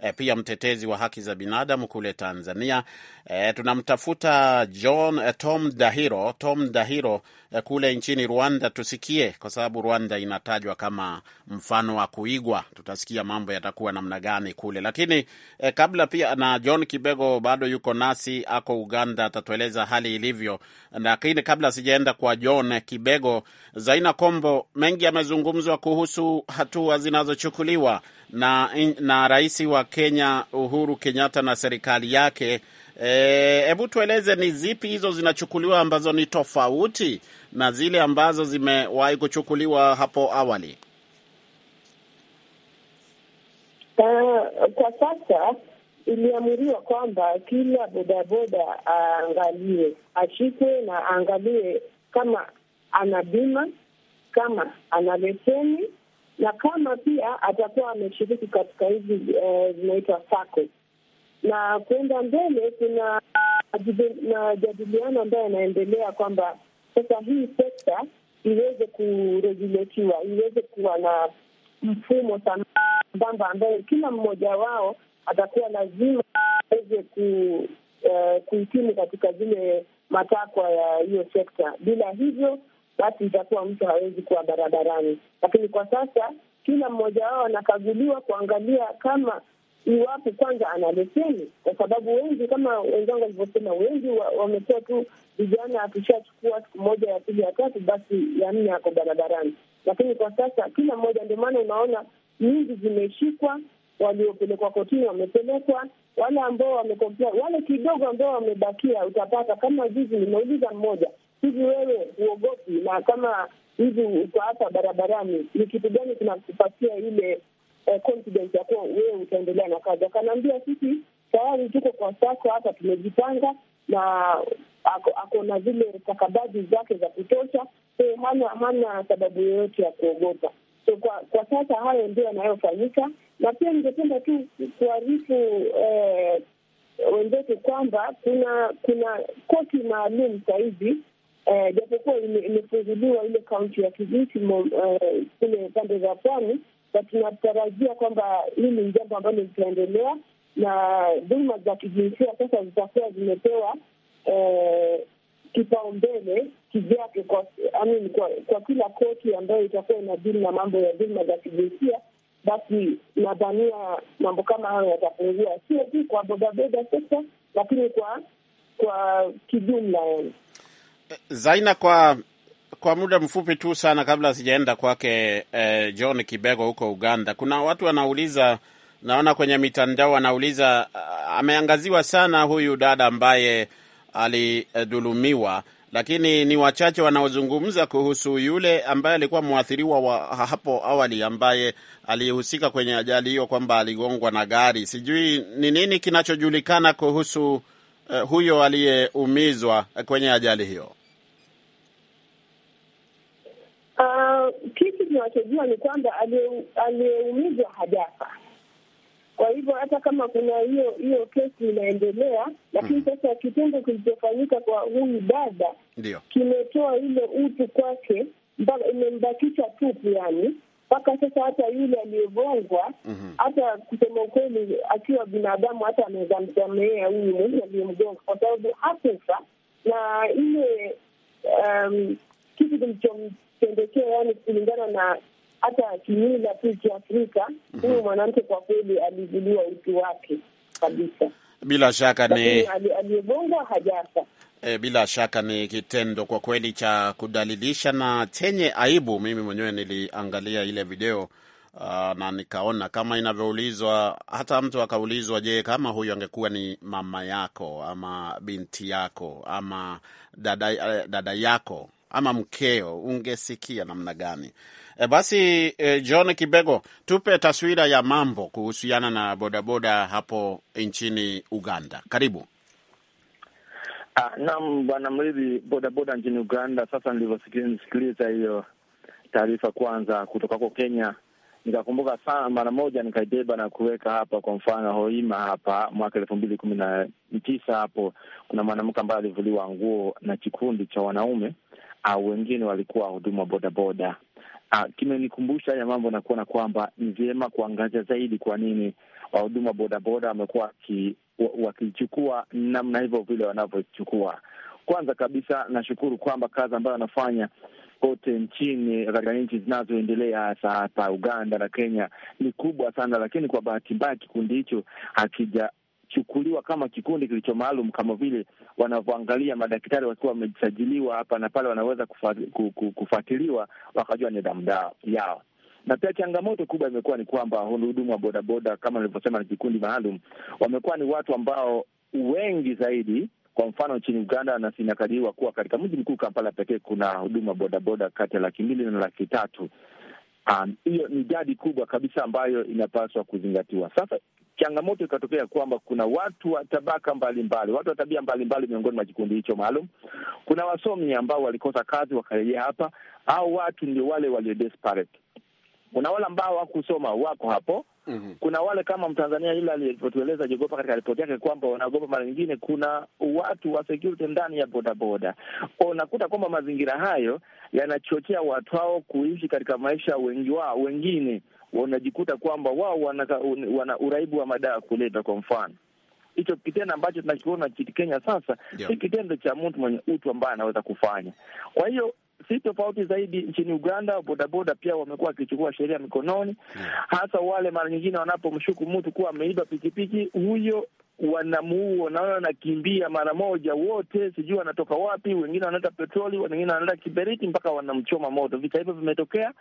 eh, pia mtetezi wa haki za binadamu kule Tanzania. Eh, tunamtafuta John Tom Dahiro, Tom Dahiro kule nchini Rwanda, tusikie, kwa sababu Rwanda inatajwa kama mfano wa kuigwa. Tutasikia mambo yatakuwa namna gani kule, lakini kabla pia na John Kibego bado yuko nasi, ako Uganda, atatueleza hali ilivyo. Lakini kabla sijaenda kwa John Kibego, Zaina Kombo, mengi yamezungumzwa kuhusu hatua zinazochukuliwa na, na rais wa Kenya Uhuru Kenyatta na serikali yake. E, hebu e, tueleze ni zipi hizo zinachukuliwa ambazo ni tofauti na zile ambazo zimewahi kuchukuliwa hapo awali? Uh, kwa sasa iliamuriwa kwamba kila bodaboda aangaliwe, ashikwe na aangaliwe kama ana bima, kama ana leseni na kama pia atakuwa ameshiriki katika hizi eh, zinaitwa sako. Na kuenda mbele, kuna majadiliano ambayo yanaendelea kwamba sasa hii sekta iweze kuregulatiwa, iweze kuwa na mfumo sambamba ambayo kila mmoja wao atakuwa lazima aweze ku eh, kuhitimu katika zile matakwa ya hiyo sekta. Bila hivyo, basi itakuwa mtu hawezi kuwa barabarani. Lakini kwa sasa kila mmoja wao anakaguliwa kuangalia kama iwapo kwanza ana leseni, kwa sababu wengi, kama wenzangu walivyosema, wengi wamekuwa tu vijana, akishachukua siku moja ya pili ya tatu, basi ya nne ako barabarani. Lakini kwa sasa kila mmoja, ndio maana unaona nyingi zimeshikwa waliopelekwa kotini wamepelekwa, wale ambao wamekopia, wale kidogo ambao wamebakia, utapata kama juzi nimeuliza mmoja hivi, wewe huogopi? Na kama hivi uko hapa barabarani, ni kitu gani kinakupatia ile eh, confidence ya kuwa wewe utaendelea na kazi? Akanaambia sisi tayari tuko kwa sako hapa, tumejipanga na ako, ako na zile stakabadhi zake za kutosha, hana hana sababu yoyote ya kuogopa. So kwa kwa sasa hayo ndio yanayofanyika, na pia ningependa tu kuarifu eh, wenzetu kwamba kuna kuna koti maalum sahizi eh, japokuwa imefunguliwa ile kaunti ya Kibiti eh, kule eh, pande za pwani, na tunatarajia kwamba hili ni jambo ambalo litaendelea na dhuluma za kijinsia sasa zitakuwa zimepewa eh, kipaumbele kivyake kwa, amin, kwa kwa kila koti ambayo itakuwa ina dili na mambo ya dhulma za kijinsia, basi nadhania mambo kama hayo yatapungua, sio tu kwa bodaboda sekta, lakini kwa kwa kijumla. Yani Zaina, kwa kwa muda mfupi tu sana kabla sijaenda kwake eh, John Kibego huko Uganda, kuna watu wanauliza, naona kwenye mitandao wanauliza, ah, ameangaziwa sana huyu dada ambaye alidhulumiwa, lakini ni wachache wanaozungumza kuhusu yule ambaye alikuwa mwathiriwa wa hapo awali ambaye alihusika kwenye ajali hiyo kwamba aligongwa na gari. Sijui ni nini kinachojulikana kuhusu uh, huyo aliyeumizwa kwenye ajali hiyo. Uh, kitu kinachojua ni kwamba aliyeumizwa hajafa kwa hivyo hata kama kuna hiyo hiyo kesi inaendelea, lakini mm. sasa kitendo kilichofanyika kwa huyu dada kimetoa ile utu kwake, mpaka imembakisha tupu, yani mpaka sasa hata yule aliyegongwa mm hata -hmm. Kusema ukweli, akiwa binadamu hata anaweza msamehea huyu mwenye aliyemgonga, kwa sababu hakufa na ile um, kitu kilichomtendekea, yani kulingana na hata kimila tu Kiafrika, mhm. huyu mwanamke kwa kweli alizuliwa utu wake kabisa. Bila shaka ni aliyegongwa hajafa. E, bila shaka ni kitendo kwa kweli cha kudalilisha na chenye aibu. Mimi mwenyewe niliangalia ile video uh, na nikaona kama inavyoulizwa, hata mtu akaulizwa, je, kama huyu angekuwa ni mama yako ama binti yako ama dada, eh, dada yako ama mkeo, ungesikia namna gani? E, basi e, John Kibego, tupe taswira ya mambo kuhusiana na bodaboda hapo nchini Uganda. Karibu. Ah, naam bwana Mridhi, bodaboda nchini Uganda sasa nilivyosikiliza hiyo taarifa kwanza kutoka kwa Kenya nikakumbuka sana, mara moja nikaibeba na kuweka hapa. Kwa mfano Hoima hapa mwaka elfu mbili kumi na tisa hapo kuna mwanamke ambaye alivuliwa nguo na kikundi cha wanaume au wengine walikuwa wahudumu wa bodaboda Ah, kimenikumbusha ya mambo na kuona kwamba ni vyema kuangazia zaidi kwa nini wahuduma bodaboda wamekuwa wakichukua namna hivyo vile wanavyochukua. Kwanza kabisa nashukuru kwamba kazi ambayo wanafanya kote nchini katika nchi zinazoendelea hasa hapa Uganda na Kenya ni kubwa sana, lakini kwa bahati mbaya kikundi hicho hakija kuchukuliwa kama kikundi kilicho maalum, kama vile wanavyoangalia madaktari wakiwa wamesajiliwa hapa na pale, wanaweza kufuatiliwa wakajua nidhamu yao na pia changamoto kubwa imekuwa ni kwamba wahudumu wa bodaboda kama nilivyosema, ni kikundi maalum, wamekuwa ni watu ambao wengi zaidi. Kwa mfano nchini Uganda, na inakadiriwa kuwa katika mji mkuu Kampala pekee kuna huduma bodaboda kati ya laki mbili na laki tatu. Um, hiyo um, ni idadi kubwa kabisa ambayo inapaswa kuzingatiwa. Sasa changamoto ikatokea kwamba kuna watu wa tabaka mbalimbali, watu wa tabia mbalimbali miongoni mwa kikundi hicho maalum. Kuna wasomi ambao walikosa kazi wakarejea hapa, au watu ndio wale walio desperate. Kuna wale ambao hawakusoma wako hapo. Mm -hmm. Kuna wale kama Mtanzania yule alivyotueleza Jogopa katika ripoti yake kwamba wanaogopa mara nyingine, kuna watu wa security ndani ya bodaboda. Unakuta kwamba mazingira hayo yanachochea watu hao kuishi katika maisha wengi wao wengine wanajikuta kwamba wao wana, wana uraibu wa madawa kuleta. Kwa mfano hicho kitendo ambacho tunakiona chiti Kenya sasa yeah, si kitendo cha mtu mwenye utu ambaye anaweza kufanya. Kwa hiyo si tofauti zaidi nchini Uganda, bodaboda pia wamekuwa wakichukua sheria mikononi yeah, hasa wale mara nyingine wanapomshuku mtu kuwa ameiba pikipiki huyo wanamuua naona, wanakimbia mara moja wote, sijui wanatoka wapi. Wengine wanaleta petroli, wengine wanaleta kiberiti mpaka wanamchoma moto. Vita hivyo vimetokea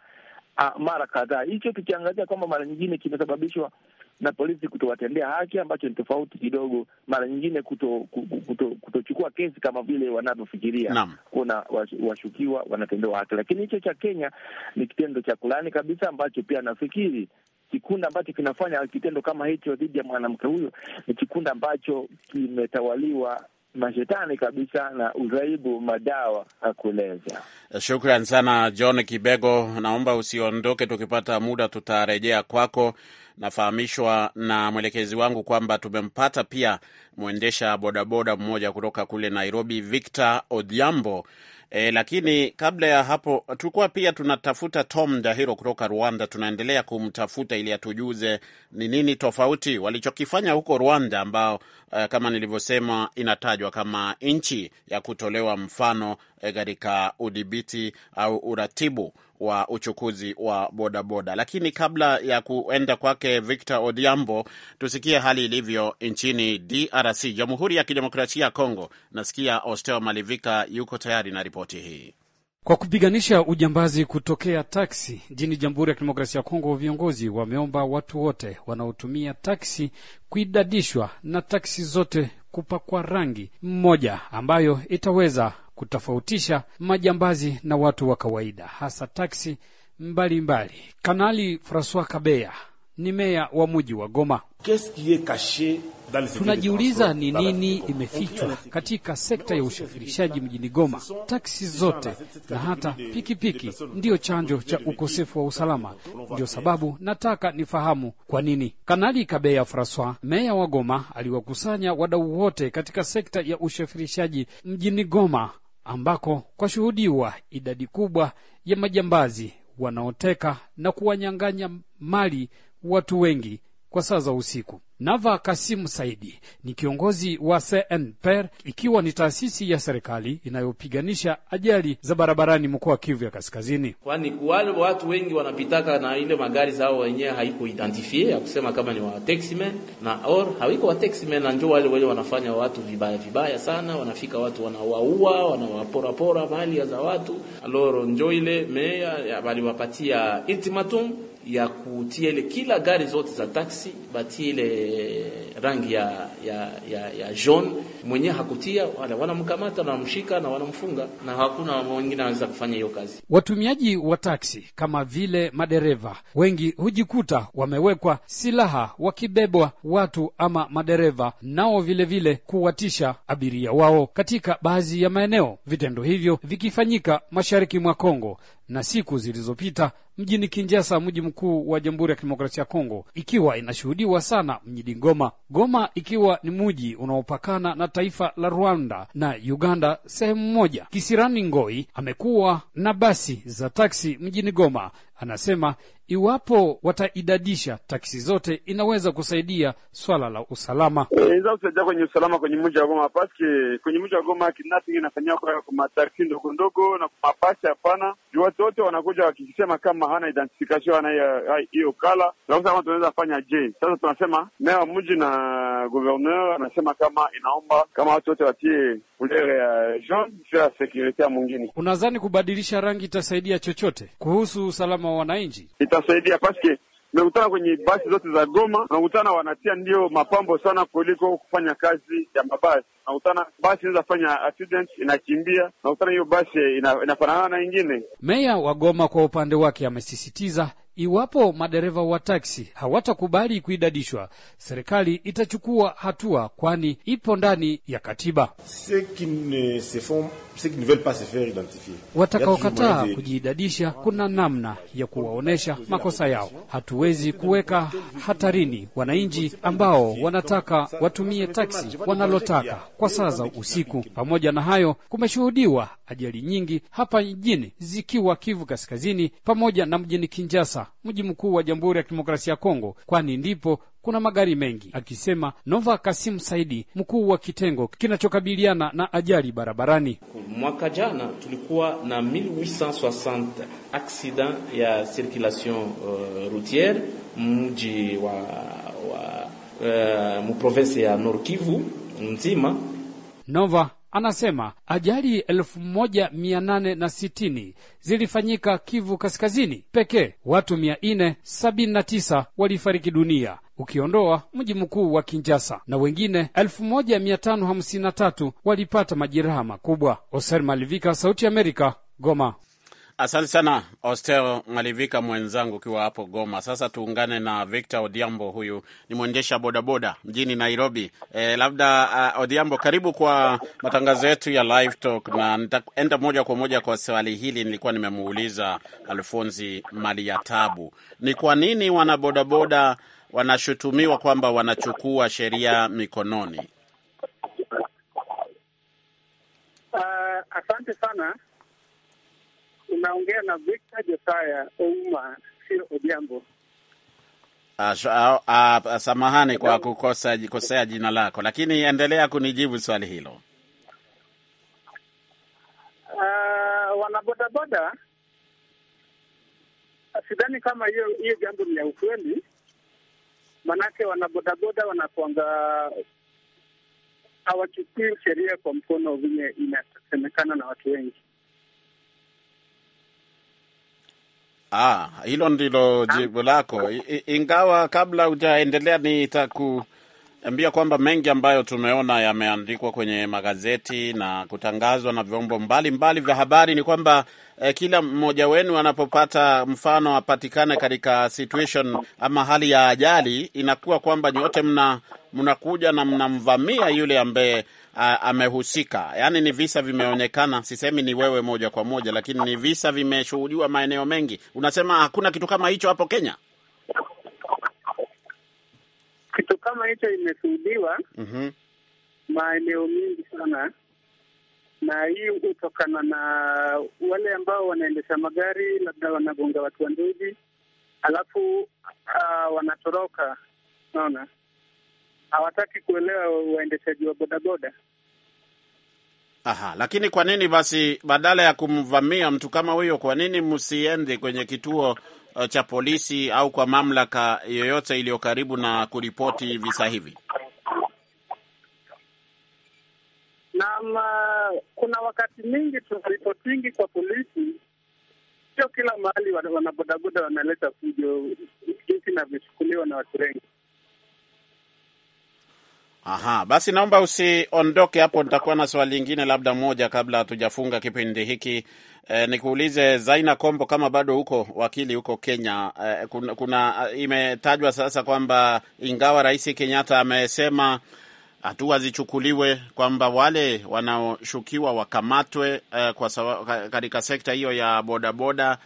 Ah, mara kadhaa. Hicho tukiangazia kwamba mara nyingine kimesababishwa na polisi kutowatendea haki, ambacho ni tofauti kidogo, mara nyingine kutochukua kuto, kuto kesi kama vile wanavyofikiria kuna washukiwa wanatendewa haki. Lakini hicho cha Kenya ni kitendo cha kulani kabisa, ambacho pia nafikiri kikundi ambacho kinafanya kitendo kama hicho dhidi ya mwanamke huyo ni kikundi ambacho kimetawaliwa mashetani kabisa na udhaibu madawa ya kulevya. Eh, shukran sana John Kibego, naomba usiondoke, tukipata muda tutarejea kwako nafahamishwa na mwelekezi wangu kwamba tumempata pia mwendesha bodaboda mmoja kutoka kule Nairobi, Victor Odhiambo. E, lakini kabla ya hapo tulikuwa pia tunatafuta Tom Dahiro kutoka Rwanda. Tunaendelea kumtafuta ili atujuze ni nini tofauti walichokifanya huko Rwanda, ambao e, kama nilivyosema inatajwa kama nchi ya kutolewa mfano e, katika e, udhibiti au uratibu wa uchukuzi wa bodaboda. Lakini kabla ya kuenda kwake Victor odiambo tusikie hali ilivyo nchini DRC, Jamhuri ya Kidemokrasia ya Kongo. Nasikia Ostel Malivika yuko tayari na ripoti hii. Kwa kupiganisha ujambazi kutokea taksi nchini Jamhuri ya Kidemokrasia ya Kongo, viongozi wameomba watu wote wanaotumia taksi kuidadishwa na taksi zote kupakwa rangi mmoja ambayo itaweza kutofautisha majambazi na watu wa kawaida, hasa taksi mbalimbali mbali. Kanali Francois Kabeya ni meya wa mji wa Goma. Tunajiuliza ni nini imefichwa katika sekta ya usafirishaji mjini Goma. Taksi zote na hata pikipiki ndiyo chanjo cha ukosefu wa usalama. Ndiyo sababu nataka nifahamu kwa nini. Kanali Kabeya Francois, meya wa Goma, aliwakusanya wadau wote katika sekta ya usafirishaji mjini Goma ambako kwashuhudiwa idadi kubwa ya majambazi wanaoteka na kuwanyang'anya mali watu wengi kwa saa za usiku. Nava Kasimu Saidi ni kiongozi wa CNPR, ikiwa ni taasisi ya serikali inayopiganisha ajali za barabarani mkoa wa Kivu ya Kaskazini. Kwani wale watu wengi wanapitaka na ile magari zao wenyewe haiko identifie ya kusema kama ni wataximen na or hawiko wataximen, na njo wale wenye wanafanya watu vibaya vibaya sana, wanafika watu wanawaua, wanawaporapora mali za watu aloro, njo ile meya waliwapatia ultimatum ya kutia ile kila gari zote za taksi batie ile rangi ya ya ya, ya jaune. Mwenye hakutia wala wanamkamata na wanamshika na wanamfunga, na hakuna wengine anaweza kufanya hiyo kazi. Watumiaji wa taksi kama vile madereva wengi hujikuta wamewekwa silaha, wakibebwa watu ama madereva nao vilevile vile kuwatisha abiria wao katika baadhi ya maeneo, vitendo hivyo vikifanyika mashariki mwa Kongo na siku zilizopita mjini Kinjasa, mji mkuu wa Jamhuri ya Kidemokrasia ya Kongo, ikiwa inashuhudiwa sana mjini Goma. Goma ikiwa ni mji unaopakana na taifa la Rwanda na Uganda sehemu moja. Kisirani Ngoi amekuwa na basi za taksi mjini Goma, anasema iwapo wataidadisha taksi zote, inaweza kusaidia swala la usalama. Eh, inaweza kusaidia kwenye usalama kwenye mji wa Goma, paske kwenye mji wa Goma kidnapping inafanyiwa kwa mataksi ndogo ndogo na kwa mabasi. Hapana, juu watu wote wanakuja wakisema kama hana identification hiyo kala, kama tunaweza fanya je? Sasa tunasema mea mji na guverneur anasema kama inaomba kama watu wote watie kulere ya jaune ya sekurite ya mwingine. Unadhani kubadilisha rangi itasaidia chochote kuhusu usalama wa wananchi? itasaidia paske umekutana kwenye basi zote za Goma, unakutana wanatia ndio mapambo sana kuliko kufanya kazi ya mabasi. nakutana basi inaweza fanya accident, inakimbia. Unakutana hiyo basi inafanana na ingine. Meya wa Goma kwa upande wake amesisitiza Iwapo madereva wa taksi hawatakubali kuidadishwa, serikali itachukua hatua, kwani ipo ndani ya katiba. Watakaokataa kujiidadisha, kuna namna ya kuwaonyesha makosa yao. Hatuwezi kuweka hatarini wananchi ambao wanataka watumie taksi wanalotaka kwa saa za usiku. Pamoja na hayo, kumeshuhudiwa ajali nyingi hapa mjini, zikiwa Kivu Kaskazini pamoja na mjini kinjasa mji mkuu wa Jamhuri ya Kidemokrasia ya Kongo, kwani ndipo kuna magari mengi, akisema Nova Kasim Saidi, mkuu wa kitengo kinachokabiliana na ajali barabarani. Mwaka jana tulikuwa na 1860 accident ya circulation uh, routiere mji wa, wa uh, muprovensi ya Nord Kivu nzima. Nova anasema ajali elfu moja na zilifanyika Kivu Kaskazini pekee, watu 479 walifariki dunia ukiondoa mji mkuu wa Kinjasa na wengine elfu walipata majeraha makubwa. Oser Malivika, Sauti Amerika, Goma. Asante sana Ostel Malivika, mwenzangu ukiwa hapo Goma. Sasa tuungane na Victor Odhiambo, huyu ni mwendesha bodaboda mjini Nairobi. E, labda uh, Odhiambo, karibu kwa matangazo yetu ya Live Talk, na nitaenda moja kwa moja kwa swali hili nilikuwa nimemuuliza Alfonsi Tabu, ni kwa nini wanabodaboda wanashutumiwa kwamba wanachukua sheria mikononi? Uh, asante sana unaongea na Victor Josaya Ouma, sio Odhiambo. Ah, ah, ah, samahani kwa kukosa kukosea jina lako, lakini endelea kunijibu swali hilo. Uh, wanabodaboda sidhani kama hiyo hiyo jambo ni ya ukweli, manake wanabodaboda wanakuanga hawachukui sheria kwa mkono vinye inasemekana na watu wengi. Ah, hilo ndilo ah. jibu lako. ingawa kabla hujaendelea nitakuambia kwamba mengi ambayo tumeona yameandikwa kwenye magazeti na kutangazwa na vyombo mbalimbali vya habari ni kwamba eh, kila mmoja wenu anapopata mfano apatikane katika situation ama hali ya ajali, inakuwa kwamba nyote mna mnakuja na mnamvamia yule ambaye amehusika. Yaani ni visa vimeonekana, sisemi ni wewe moja kwa moja, lakini ni visa vimeshuhudiwa maeneo mengi. Unasema hakuna kitu kama hicho hapo Kenya? Kitu kama hicho imeshuhudiwa mm -hmm. maeneo mengi sana, na hii hutokana na wale ambao wanaendesha magari, labda wanagonga watu wa nduji, alafu uh, wanatoroka, naona hawataki kuelewa waendeshaji wa bodaboda. Aha, lakini kwa nini basi badala ya kumvamia mtu kama huyo, kwa nini msiende kwenye kituo uh, cha polisi au kwa mamlaka yoyote iliyo karibu na kuripoti visa hivi? Naam, uh, kuna wakati mingi tunaripotingi kwa polisi, sio kila mahali wanabodaboda wanaleta fujo, jinsi inavyochukuliwa na watu wengi. Aha, basi naomba usiondoke hapo, nitakuwa na swali lingine labda moja kabla hatujafunga kipindi hiki. E, nikuulize Zaina Kombo, kama bado huko wakili huko Kenya. E, kuna, kuna eh, imetajwa sasa kwamba ingawa Rais Kenyatta amesema hatua zichukuliwe kwamba wale wanaoshukiwa wakamatwe e, kwa katika sekta hiyo ya bodaboda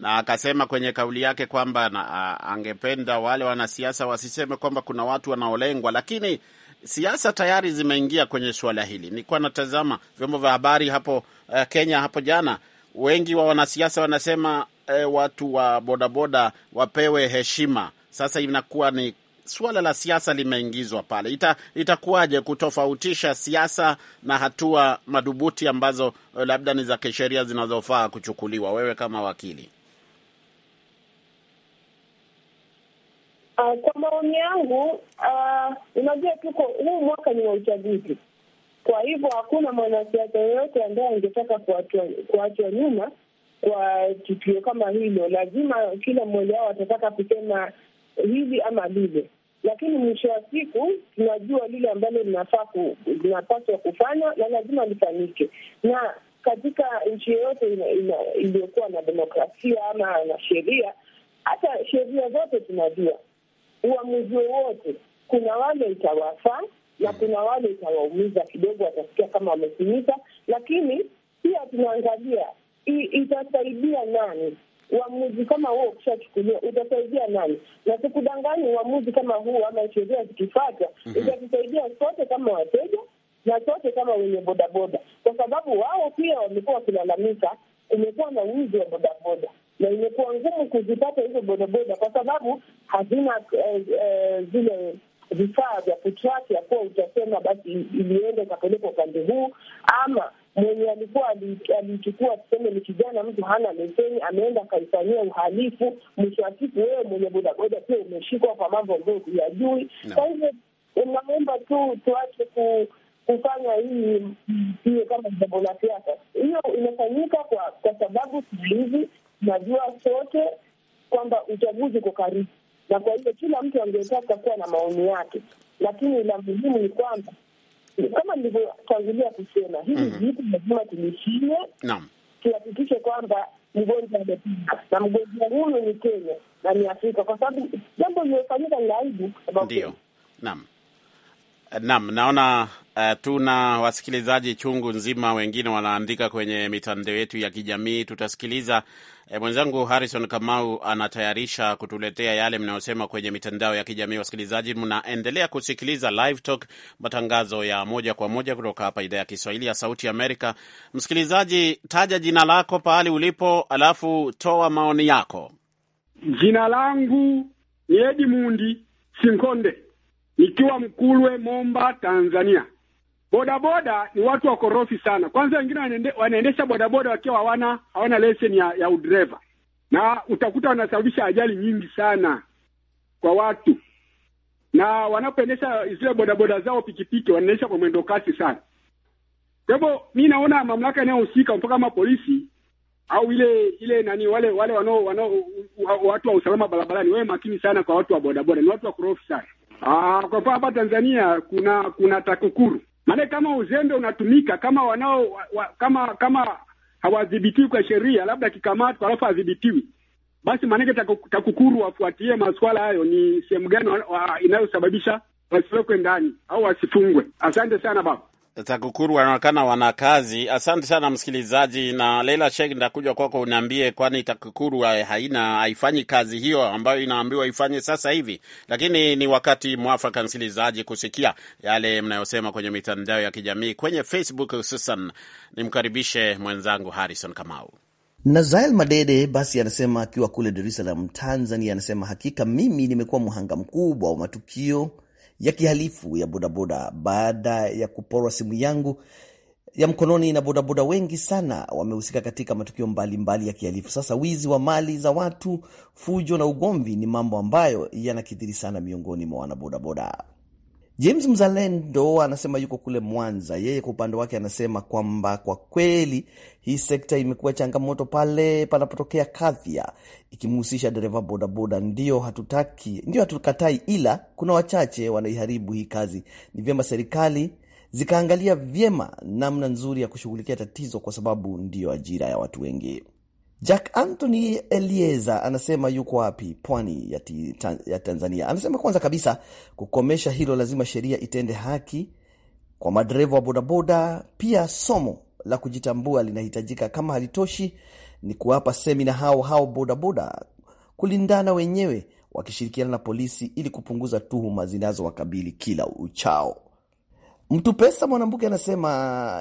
na akasema kwenye kauli yake kwamba na, a, angependa wale wanasiasa wasiseme kwamba kuna watu wanaolengwa, lakini siasa tayari zimeingia kwenye suala hili. Nilikuwa natazama vyombo vya habari hapo uh, Kenya hapo jana, wengi wa wanasiasa wanasema eh, watu wa bodaboda wapewe heshima. Sasa inakuwa ni suala la siasa limeingizwa pale. Ita, itakuwaje kutofautisha siasa na hatua madhubuti ambazo eh, labda ni za kisheria zinazofaa kuchukuliwa? Wewe kama wakili Uh, kwa maoni yangu uh, unajua tuko huu mwaka ni wa uchaguzi, kwa hivyo hakuna mwanasiasa yoyote ambaye angetaka kuachwa nyuma kwa tukio kama hilo. Lazima kila mmoja wao atataka kusema hivi ama lile, lakini mwisho wa siku tunajua lile ambalo linafaa linapaswa kufanywa na lazima lifanyike. Na katika nchi yoyote iliyokuwa na demokrasia ama na sheria, hata sheria zote tunajua uamuzi wowote, kuna wale itawafaa na mm. kuna wale itawaumiza kidogo, watasikia kama wamesimika, lakini pia tunaangalia itasaidia nani. Uamuzi kama huo ukishachukuliwa utasaidia nani? Na sikudanganyi, uamuzi kama huo ama sheria zikifuata, mm -hmm. itatusaidia sote kama wateja na sote kama wenye bodaboda, kwa sababu wao pia wamekuwa wakilalamika, kumekuwa na wizi wa bodaboda na imekuwa ngumu kuzipata hizo bodaboda kwa sababu hazina eh, eh, zile vifaa vya kutraki ya kuwa utasema basi ilienda ikapelekwa upande huu, ama mwenye alikuwa alichukua, tuseme ni kijana, mtu hana leseni, ameenda akaifanyia uhalifu. Mwisho wa siku, wewe mwenye bodaboda pia umeshikwa kwa mambo ambayo huyajui. Kwa hivyo unaomba tu tuache ku kufanya hii hiyo kama jambo la siasa. Hiyo inafanyika kwa kwa sababu sahizi Najua sote kwamba uchaguzi uko karibu, na kwa hiyo kila mtu angetaka kuwa na maoni yake, lakini la muhimu ni kwamba kama nilivyotangulia kusema hivi mm -hmm. vitu lazima tulishie, tuhakikishe kwamba mgonjwa amepika na mgonjwa huyu ni Kenya na ni Afrika, kwa sababu jambo lililofanyika ni aibu. Ndio, naam. Naam, naona uh, tuna wasikilizaji chungu nzima, wengine wanaandika kwenye mitandao yetu ya kijamii. Tutasikiliza eh, mwenzangu Harrison Kamau anatayarisha kutuletea yale mnayosema kwenye mitandao ya kijamii. Wasikilizaji, mnaendelea kusikiliza Live Talk, matangazo ya moja kwa moja kutoka hapa idhaa ya Kiswahili ya Sauti Amerika. Msikilizaji, taja jina lako, pahali ulipo, alafu toa maoni yako. Jina langu ni Edmundi Sinkonde nikiwa Mkulwe, Momba, Tanzania. Bodaboda ni watu wakorofi sana. Kwanza wengine wanaendesha bodaboda wakiwa hawana hawana leseni ya, ya udereva, na utakuta wanasababisha ajali nyingi sana kwa watu, na wanapoendesha zile bodaboda zao pikipiki, wanaendesha kwa mwendo kasi sana. Kwa hivyo mi naona mamlaka inayohusika mpaka kama polisi au ile ile nani wale wale wanao watu wa usalama barabarani wawe makini sana kwa watu wa bodaboda, ni watu wakorofi sana. Aa, ah, kwa mfano hapa Tanzania kuna kuna TAKUKURU. Maana kama uzembe unatumika kama wanao wa, kama kama hawadhibitiwi kwa sheria, labda kikamatwa alafu adhibitiwi, basi maanake TAKUKURU wafuatie masuala hayo, ni sehemu gani inayosababisha wasiwekwe ndani au wasifungwe. Asante sana baba. TAKUKURU wanaonekana wana kazi. Asante sana msikilizaji, na Leila Sheikh, nitakuja kwako uniambie, kwani TAKUKURU haina haifanyi kazi hiyo ambayo inaambiwa ifanye sasa hivi, lakini ni wakati mwafaka msikilizaji kusikia yale mnayosema kwenye mitandao ya kijamii, kwenye Facebook hususan. Nimkaribishe mwenzangu Harrison Kamau. Nazael Madede basi anasema akiwa kule Dar es Salaam, Tanzania, anasema hakika mimi nimekuwa mhanga mkubwa wa matukio ya kihalifu ya bodaboda baada ya kuporwa simu yangu ya mkononi na bodaboda wengi sana wamehusika katika matukio mbalimbali mbali ya kihalifu. Sasa wizi wa mali za watu, fujo na ugomvi ni mambo ambayo yanakithiri sana miongoni mwa wanabodaboda. James Mzalendo anasema yuko kule Mwanza. Yeye kwa upande wake anasema kwamba kwa kweli hii sekta imekuwa changamoto pale panapotokea kadhia ikimhusisha dereva bodaboda. Ndio hatutaki, ndio hatukatai, ila kuna wachache wanaiharibu hii kazi. Ni vyema serikali zikaangalia vyema namna nzuri ya kushughulikia tatizo, kwa sababu ndiyo ajira ya watu wengi. Jack Anthony Elieza anasema yuko wapi? Pwani ya, ya Tanzania. Anasema kwanza kabisa kukomesha hilo, lazima sheria itende haki kwa madereva wa bodaboda. Pia somo la kujitambua linahitajika. Kama halitoshi, ni kuwapa semina hao hao bodaboda kulindana wenyewe, wakishirikiana na polisi ili kupunguza tuhuma zinazowakabili kila uchao. Mtu Pesa Mwanambuke anasema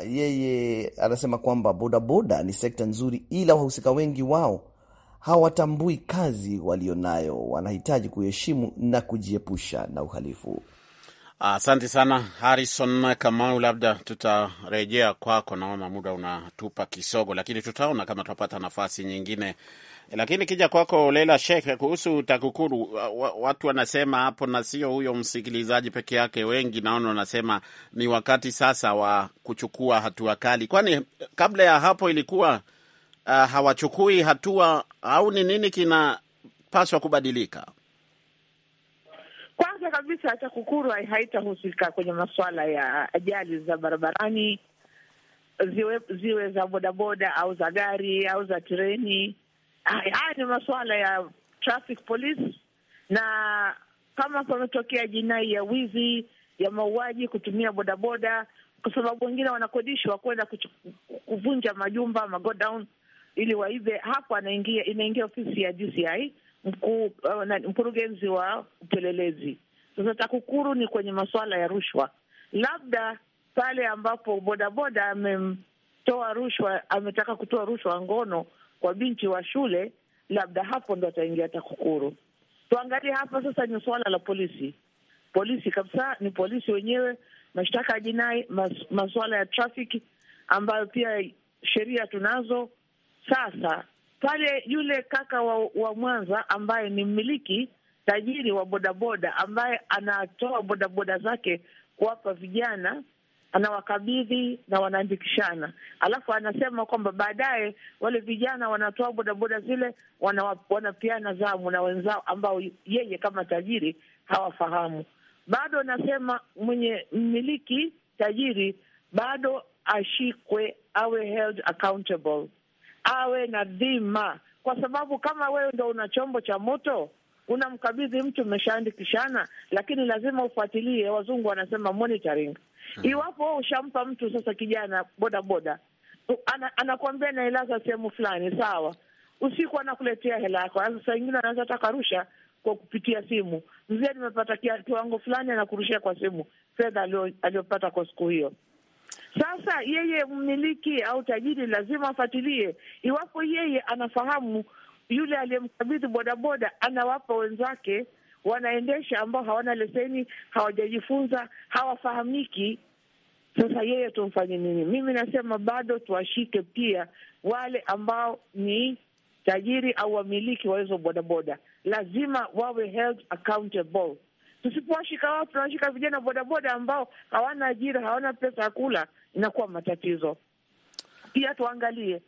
yeye anasema kwamba bodaboda ni sekta nzuri, ila wahusika wengi wao hawatambui kazi walionayo. Wanahitaji kuheshimu na kujiepusha na uhalifu. Asante sana Harrison Kamau, labda tutarejea kwako, naona muda unatupa kisogo, lakini tutaona kama tutapata nafasi nyingine lakini kija kwako Leila Sheikh, kuhusu TAKUKURU watu wanasema hapo, na sio huyo msikilizaji peke yake, wengi naona wanasema ni wakati sasa wa kuchukua hatua kali, kwani kabla ya hapo ilikuwa uh, hawachukui hatua au ni nini kinapaswa kubadilika? Kwanza kabisa TAKUKURU haitahusika kwenye masuala ya ajali za barabarani, ziwe, ziwe za bodaboda au za gari au za treni haya ni masuala ya traffic police, na kama pametokea jinai ya wizi ya mauaji, kutumia bodaboda, kwa sababu wengine wanakodishwa kwenda kuvunja majumba magodown ili waive Hapo anaingia inaingia ofisi ya DCI mkuu, uh, mkurugenzi wa upelelezi. Sasa TAKUKURU ni kwenye masuala ya rushwa, labda pale ambapo bodaboda amemtoa rushwa, ametaka kutoa rushwa ngono kwa binti wa shule, labda hapo ndo ataingia TAKUKURU. Tuangalie hapa sasa, ni suala la polisi. Polisi kabisa ni polisi wenyewe, mashtaka ya jinai, mas, masuala ya trafiki ambayo pia sheria tunazo. Sasa pale yule kaka wa, wa Mwanza ambaye ni mmiliki tajiri wa bodaboda ambaye anatoa bodaboda zake kuwapa vijana anawakabidhi na wanaandikishana, alafu anasema kwamba baadaye wale vijana wanatoa bodaboda zile wana, zamu na wenzao ambao yeye kama tajiri hawafahamu bado. Anasema mwenye mmiliki tajiri bado ashikwe, awe held accountable, awe na dhima, kwa sababu kama wewe ndo una chombo cha moto unamkabidhi mtu, umeshaandikishana, lakini lazima ufuatilie. Wazungu wanasema monitoring Mm-hmm. Iwapo ushampa mtu sasa, kijana boda boda anakuambia ana nailaza sehemu fulani, sawa, usiku anakuletea hela yako. Saa ingine anaweza takarusha kwa kupitia simu, mzee, nimepata kiwango fulani, anakurushia kwa simu fedha aliyopata kwa siku hiyo. Sasa yeye mmiliki au tajiri lazima afuatilie, iwapo yeye anafahamu yule aliyemkabidhi bodaboda anawapa wenzake wanaendesha ambao hawana leseni, hawajajifunza, hawafahamiki. Sasa yeye tumfanye nini? Mimi nasema bado tuwashike pia wale ambao ni tajiri au wamiliki wa hizo bodaboda, lazima wawe held accountable. Tusipowashika wao, tunawashika vijana bodaboda ambao hawana ajira, hawana pesa ya kula, inakuwa matatizo. Pia tuangalie,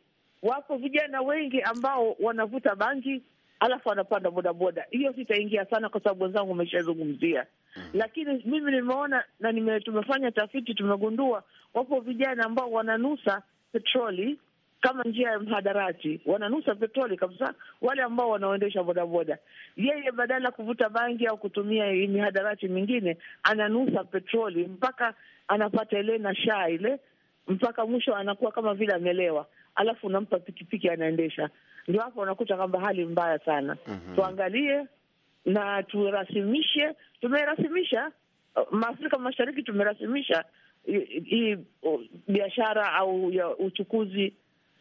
wapo vijana wengi ambao wanavuta bangi alafu anapanda bodaboda. Hiyo sitaingia sana kwa sababu wenzangu wameshazungumzia, mhm. lakini mimi nimeona na nime, tumefanya tafiti, tumegundua wapo vijana ambao wananusa petroli kama njia ya mhadarati, wananusa petroli kabisa, wale ambao wanaoendesha bodaboda. Yeye badala ya kuvuta bangi au kutumia mihadarati mingine, ananusa petroli mpaka anapata ile na shaa ile, mpaka mwisho anakuwa kama vile amelewa, alafu unampa pikipiki anaendesha ndio hapo unakuta kwamba hali mbaya sana. mm -hmm. Tuangalie na turasimishe, tumerasimisha Maafrika Mashariki, tumerasimisha hii biashara au ya uchukuzi,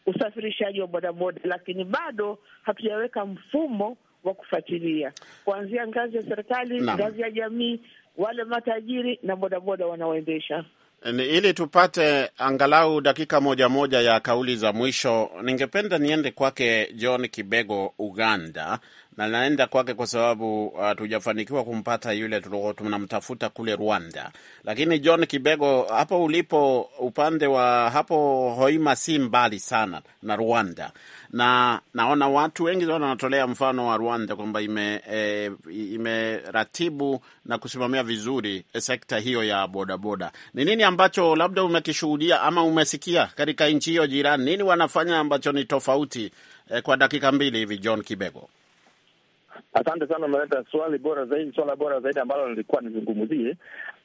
usafirishaji wa bodaboda, lakini bado hatujaweka mfumo wa kufuatilia kuanzia ngazi ya serikali, ngazi ya jamii, wale matajiri na bodaboda wanaoendesha ili tupate angalau dakika moja moja ya kauli za mwisho, ningependa niende kwake John Kibego, Uganda, na naenda kwake kwa sababu hatujafanikiwa uh, kumpata yule tulikuwa tunamtafuta kule Rwanda. Lakini John Kibego, hapo ulipo upande wa hapo Hoima si mbali sana na Rwanda, na naona watu wengi sana wanatolea mfano wa Rwanda kwamba e, imeratibu e, ime na kusimamia vizuri e, sekta hiyo ya bodaboda. Ni nini ambacho labda umekishuhudia ama umesikia katika nchi hiyo jirani? Nini wanafanya ambacho ni tofauti? E, kwa dakika mbili hivi John Kibego. Asante sana, umeleta swali bora zaidi, swala bora zaidi ambalo nilikuwa nizungumzie.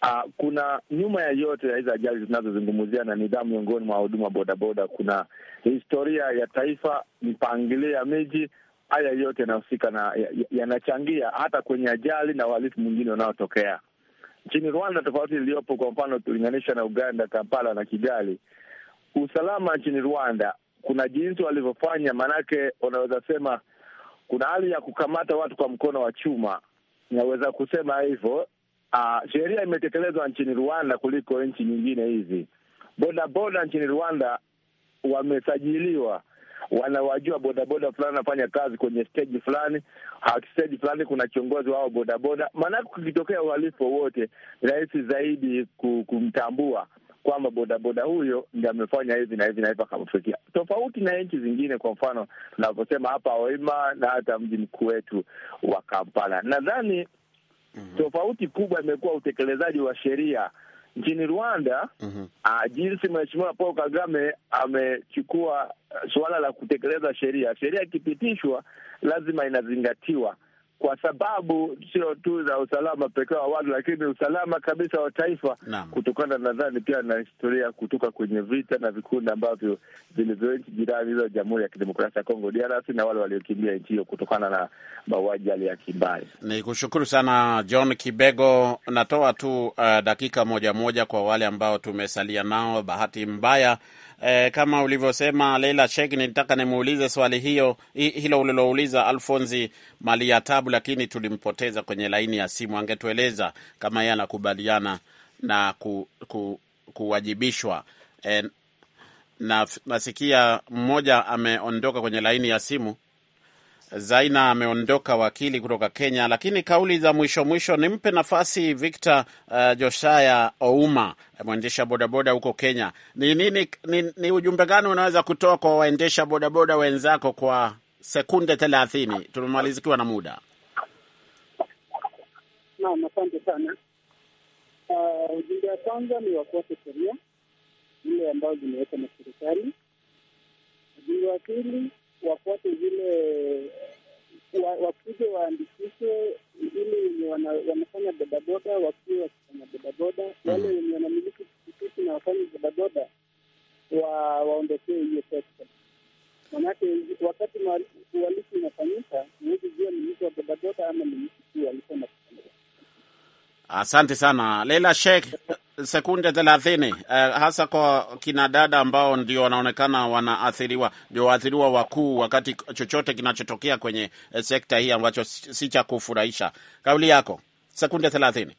Uh, kuna nyuma ya yote ya hizi ajali zinazozungumzia na nidhamu miongoni mwa wahuduma bodaboda, kuna historia ya taifa, mipangilio ya miji. Haya yote yanahusika na yanachangia ya hata kwenye ajali na uhalifu mwingine unaotokea nchini Rwanda. Tofauti iliyopo kwa mfano, ukilinganisha na Uganda, Kampala na Kigali, usalama nchini Rwanda kuna jinsi walivyofanya, maanake unaweza sema kuna hali ya kukamata watu kwa mkono wa chuma, inaweza kusema hivyo. Uh, sheria imetekelezwa nchini Rwanda kuliko nchi nyingine hizi. Bodaboda nchini Rwanda wamesajiliwa, wanawajua bodaboda fulani anafanya kazi kwenye steji fulani, steji fulani kuna kiongozi wao bodaboda. Maanake kukitokea uhalifu wowote, rahisi zaidi kumtambua kwamba bodaboda huyo ndi amefanya hivi na hivi na hivi akamfikia, tofauti na nchi zingine. Kwa mfano tunavyosema hapa Hoima na hata mji mkuu wetu wa Kampala, nadhani mm -hmm. tofauti kubwa imekuwa utekelezaji wa sheria nchini Rwanda. mm -hmm. Jinsi mheshimiwa Paul Kagame amechukua ah, suala la kutekeleza sheria. Sheria ikipitishwa lazima inazingatiwa kwa sababu sio tu za usalama pekee wa watu, lakini usalama kabisa wa taifa, kutokana nadhani pia na historia kutoka kwenye vita na vikundi ambavyo vilivyo nchi jirani hizo, Jamhuri ya Kidemokrasia ya Kongo DRC na wale waliokimbia nchi hiyo kutokana na mauaji yale ya kimbari. Ni kushukuru sana John Kibego. Natoa tu uh, dakika moja moja kwa wale ambao tumesalia nao, bahati mbaya eh, kama ulivyosema Leila Sheikh, nitaka nimuulize swali hiyo hilo ulilouliza ya tabu lakini tulimpoteza kwenye laini ya simu. Angetueleza kama yeye anakubaliana na ku, ku, kuwajibishwa eh, na nasikia mmoja ameondoka kwenye laini ya simu Zaina ameondoka wakili kutoka Kenya, lakini kauli za mwisho mwisho, nimpe nafasi Victor uh, Joshaya Ouma, mwendesha bodaboda huko Kenya. Ni nini ni, ni, ni ujumbe gani unaweza kutoa kwa waendesha bodaboda wenzako kwa sekunde thelathini? Tumemalizikiwa na muda. Naam, asante sana. Uh, ujumbe wa kwanza ni wafuate sheria zile ambazo zimewekwa na serikali. Ujumbe wa pili wafuate zile wakuje waandikishwe, ili wenye wanafanya bodaboda wakiwe wakifanya bodaboda, mhm. wale wenye wanamiliki pikipiki na wafanya bodaboda waondokee hiyo sekta, manake wakati uhalifu inafanyika huwezi jua ni mtu wa bodaboda ama ni mtu tu alikuwa. Asante sana Leila Sheikh sekunde thelathini eh, hasa kwa kina dada ambao ndio wanaonekana wanaathiriwa, ndio waathiriwa wakuu wakati chochote kinachotokea kwenye eh, sekta hii ambacho si cha kufurahisha. Kauli yako, sekunde thelathini.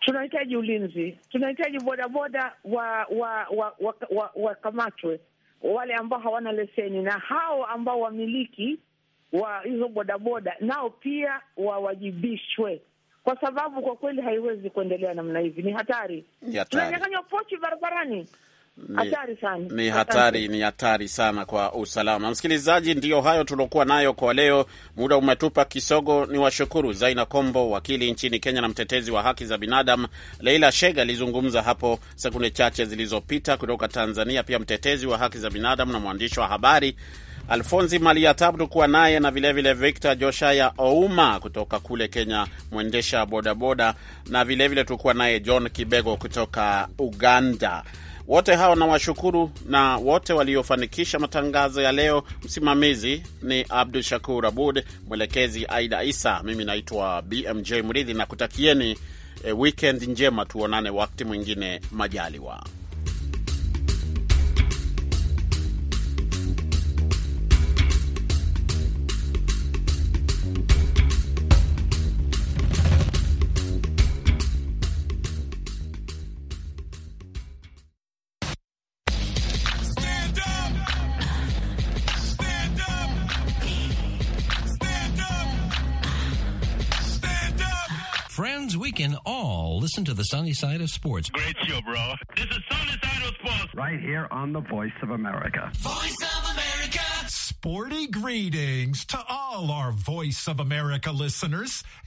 Tunahitaji ulinzi, tunahitaji bodaboda wakamatwe, wa, wa, wa, wa wale ambao hawana leseni na hao ambao wamiliki wa hizo bodaboda nao pia wawajibishwe kwa sababu kwa kweli haiwezi kuendelea namna hivi, ni hatari. Tunanyang'anywa pochi barabarani. Ni hatari sana, ni hatari, ni hatari sana kwa usalama. Msikilizaji, ndiyo hayo tuliokuwa nayo kwa leo, muda umetupa kisogo. Ni washukuru Zaina Kombo, wakili nchini Kenya na mtetezi wa haki za binadamu. Leila Shega alizungumza hapo sekunde chache zilizopita kutoka Tanzania, pia mtetezi wa haki za binadamu na mwandishi wa habari Alfonsi Maliatab tukuwa naye na vilevile vile Victor Joshaya Ouma kutoka kule Kenya, mwendesha bodaboda, na vilevile tukuwa naye John Kibego kutoka Uganda. Wote hawa nawashukuru na wote waliofanikisha matangazo ya leo. Msimamizi ni Abdu Shakur Abud, mwelekezi Aida Isa, mimi naitwa BMJ Mridhi na kutakieni eh, weekend njema, tuonane wakati mwingine majaliwa. means we can all listen to the sunny side of sports. Great show, bro. This is sunny side of sports. Right here on the Voice of America. Voice of America. Sporty greetings to all our Voice of America listeners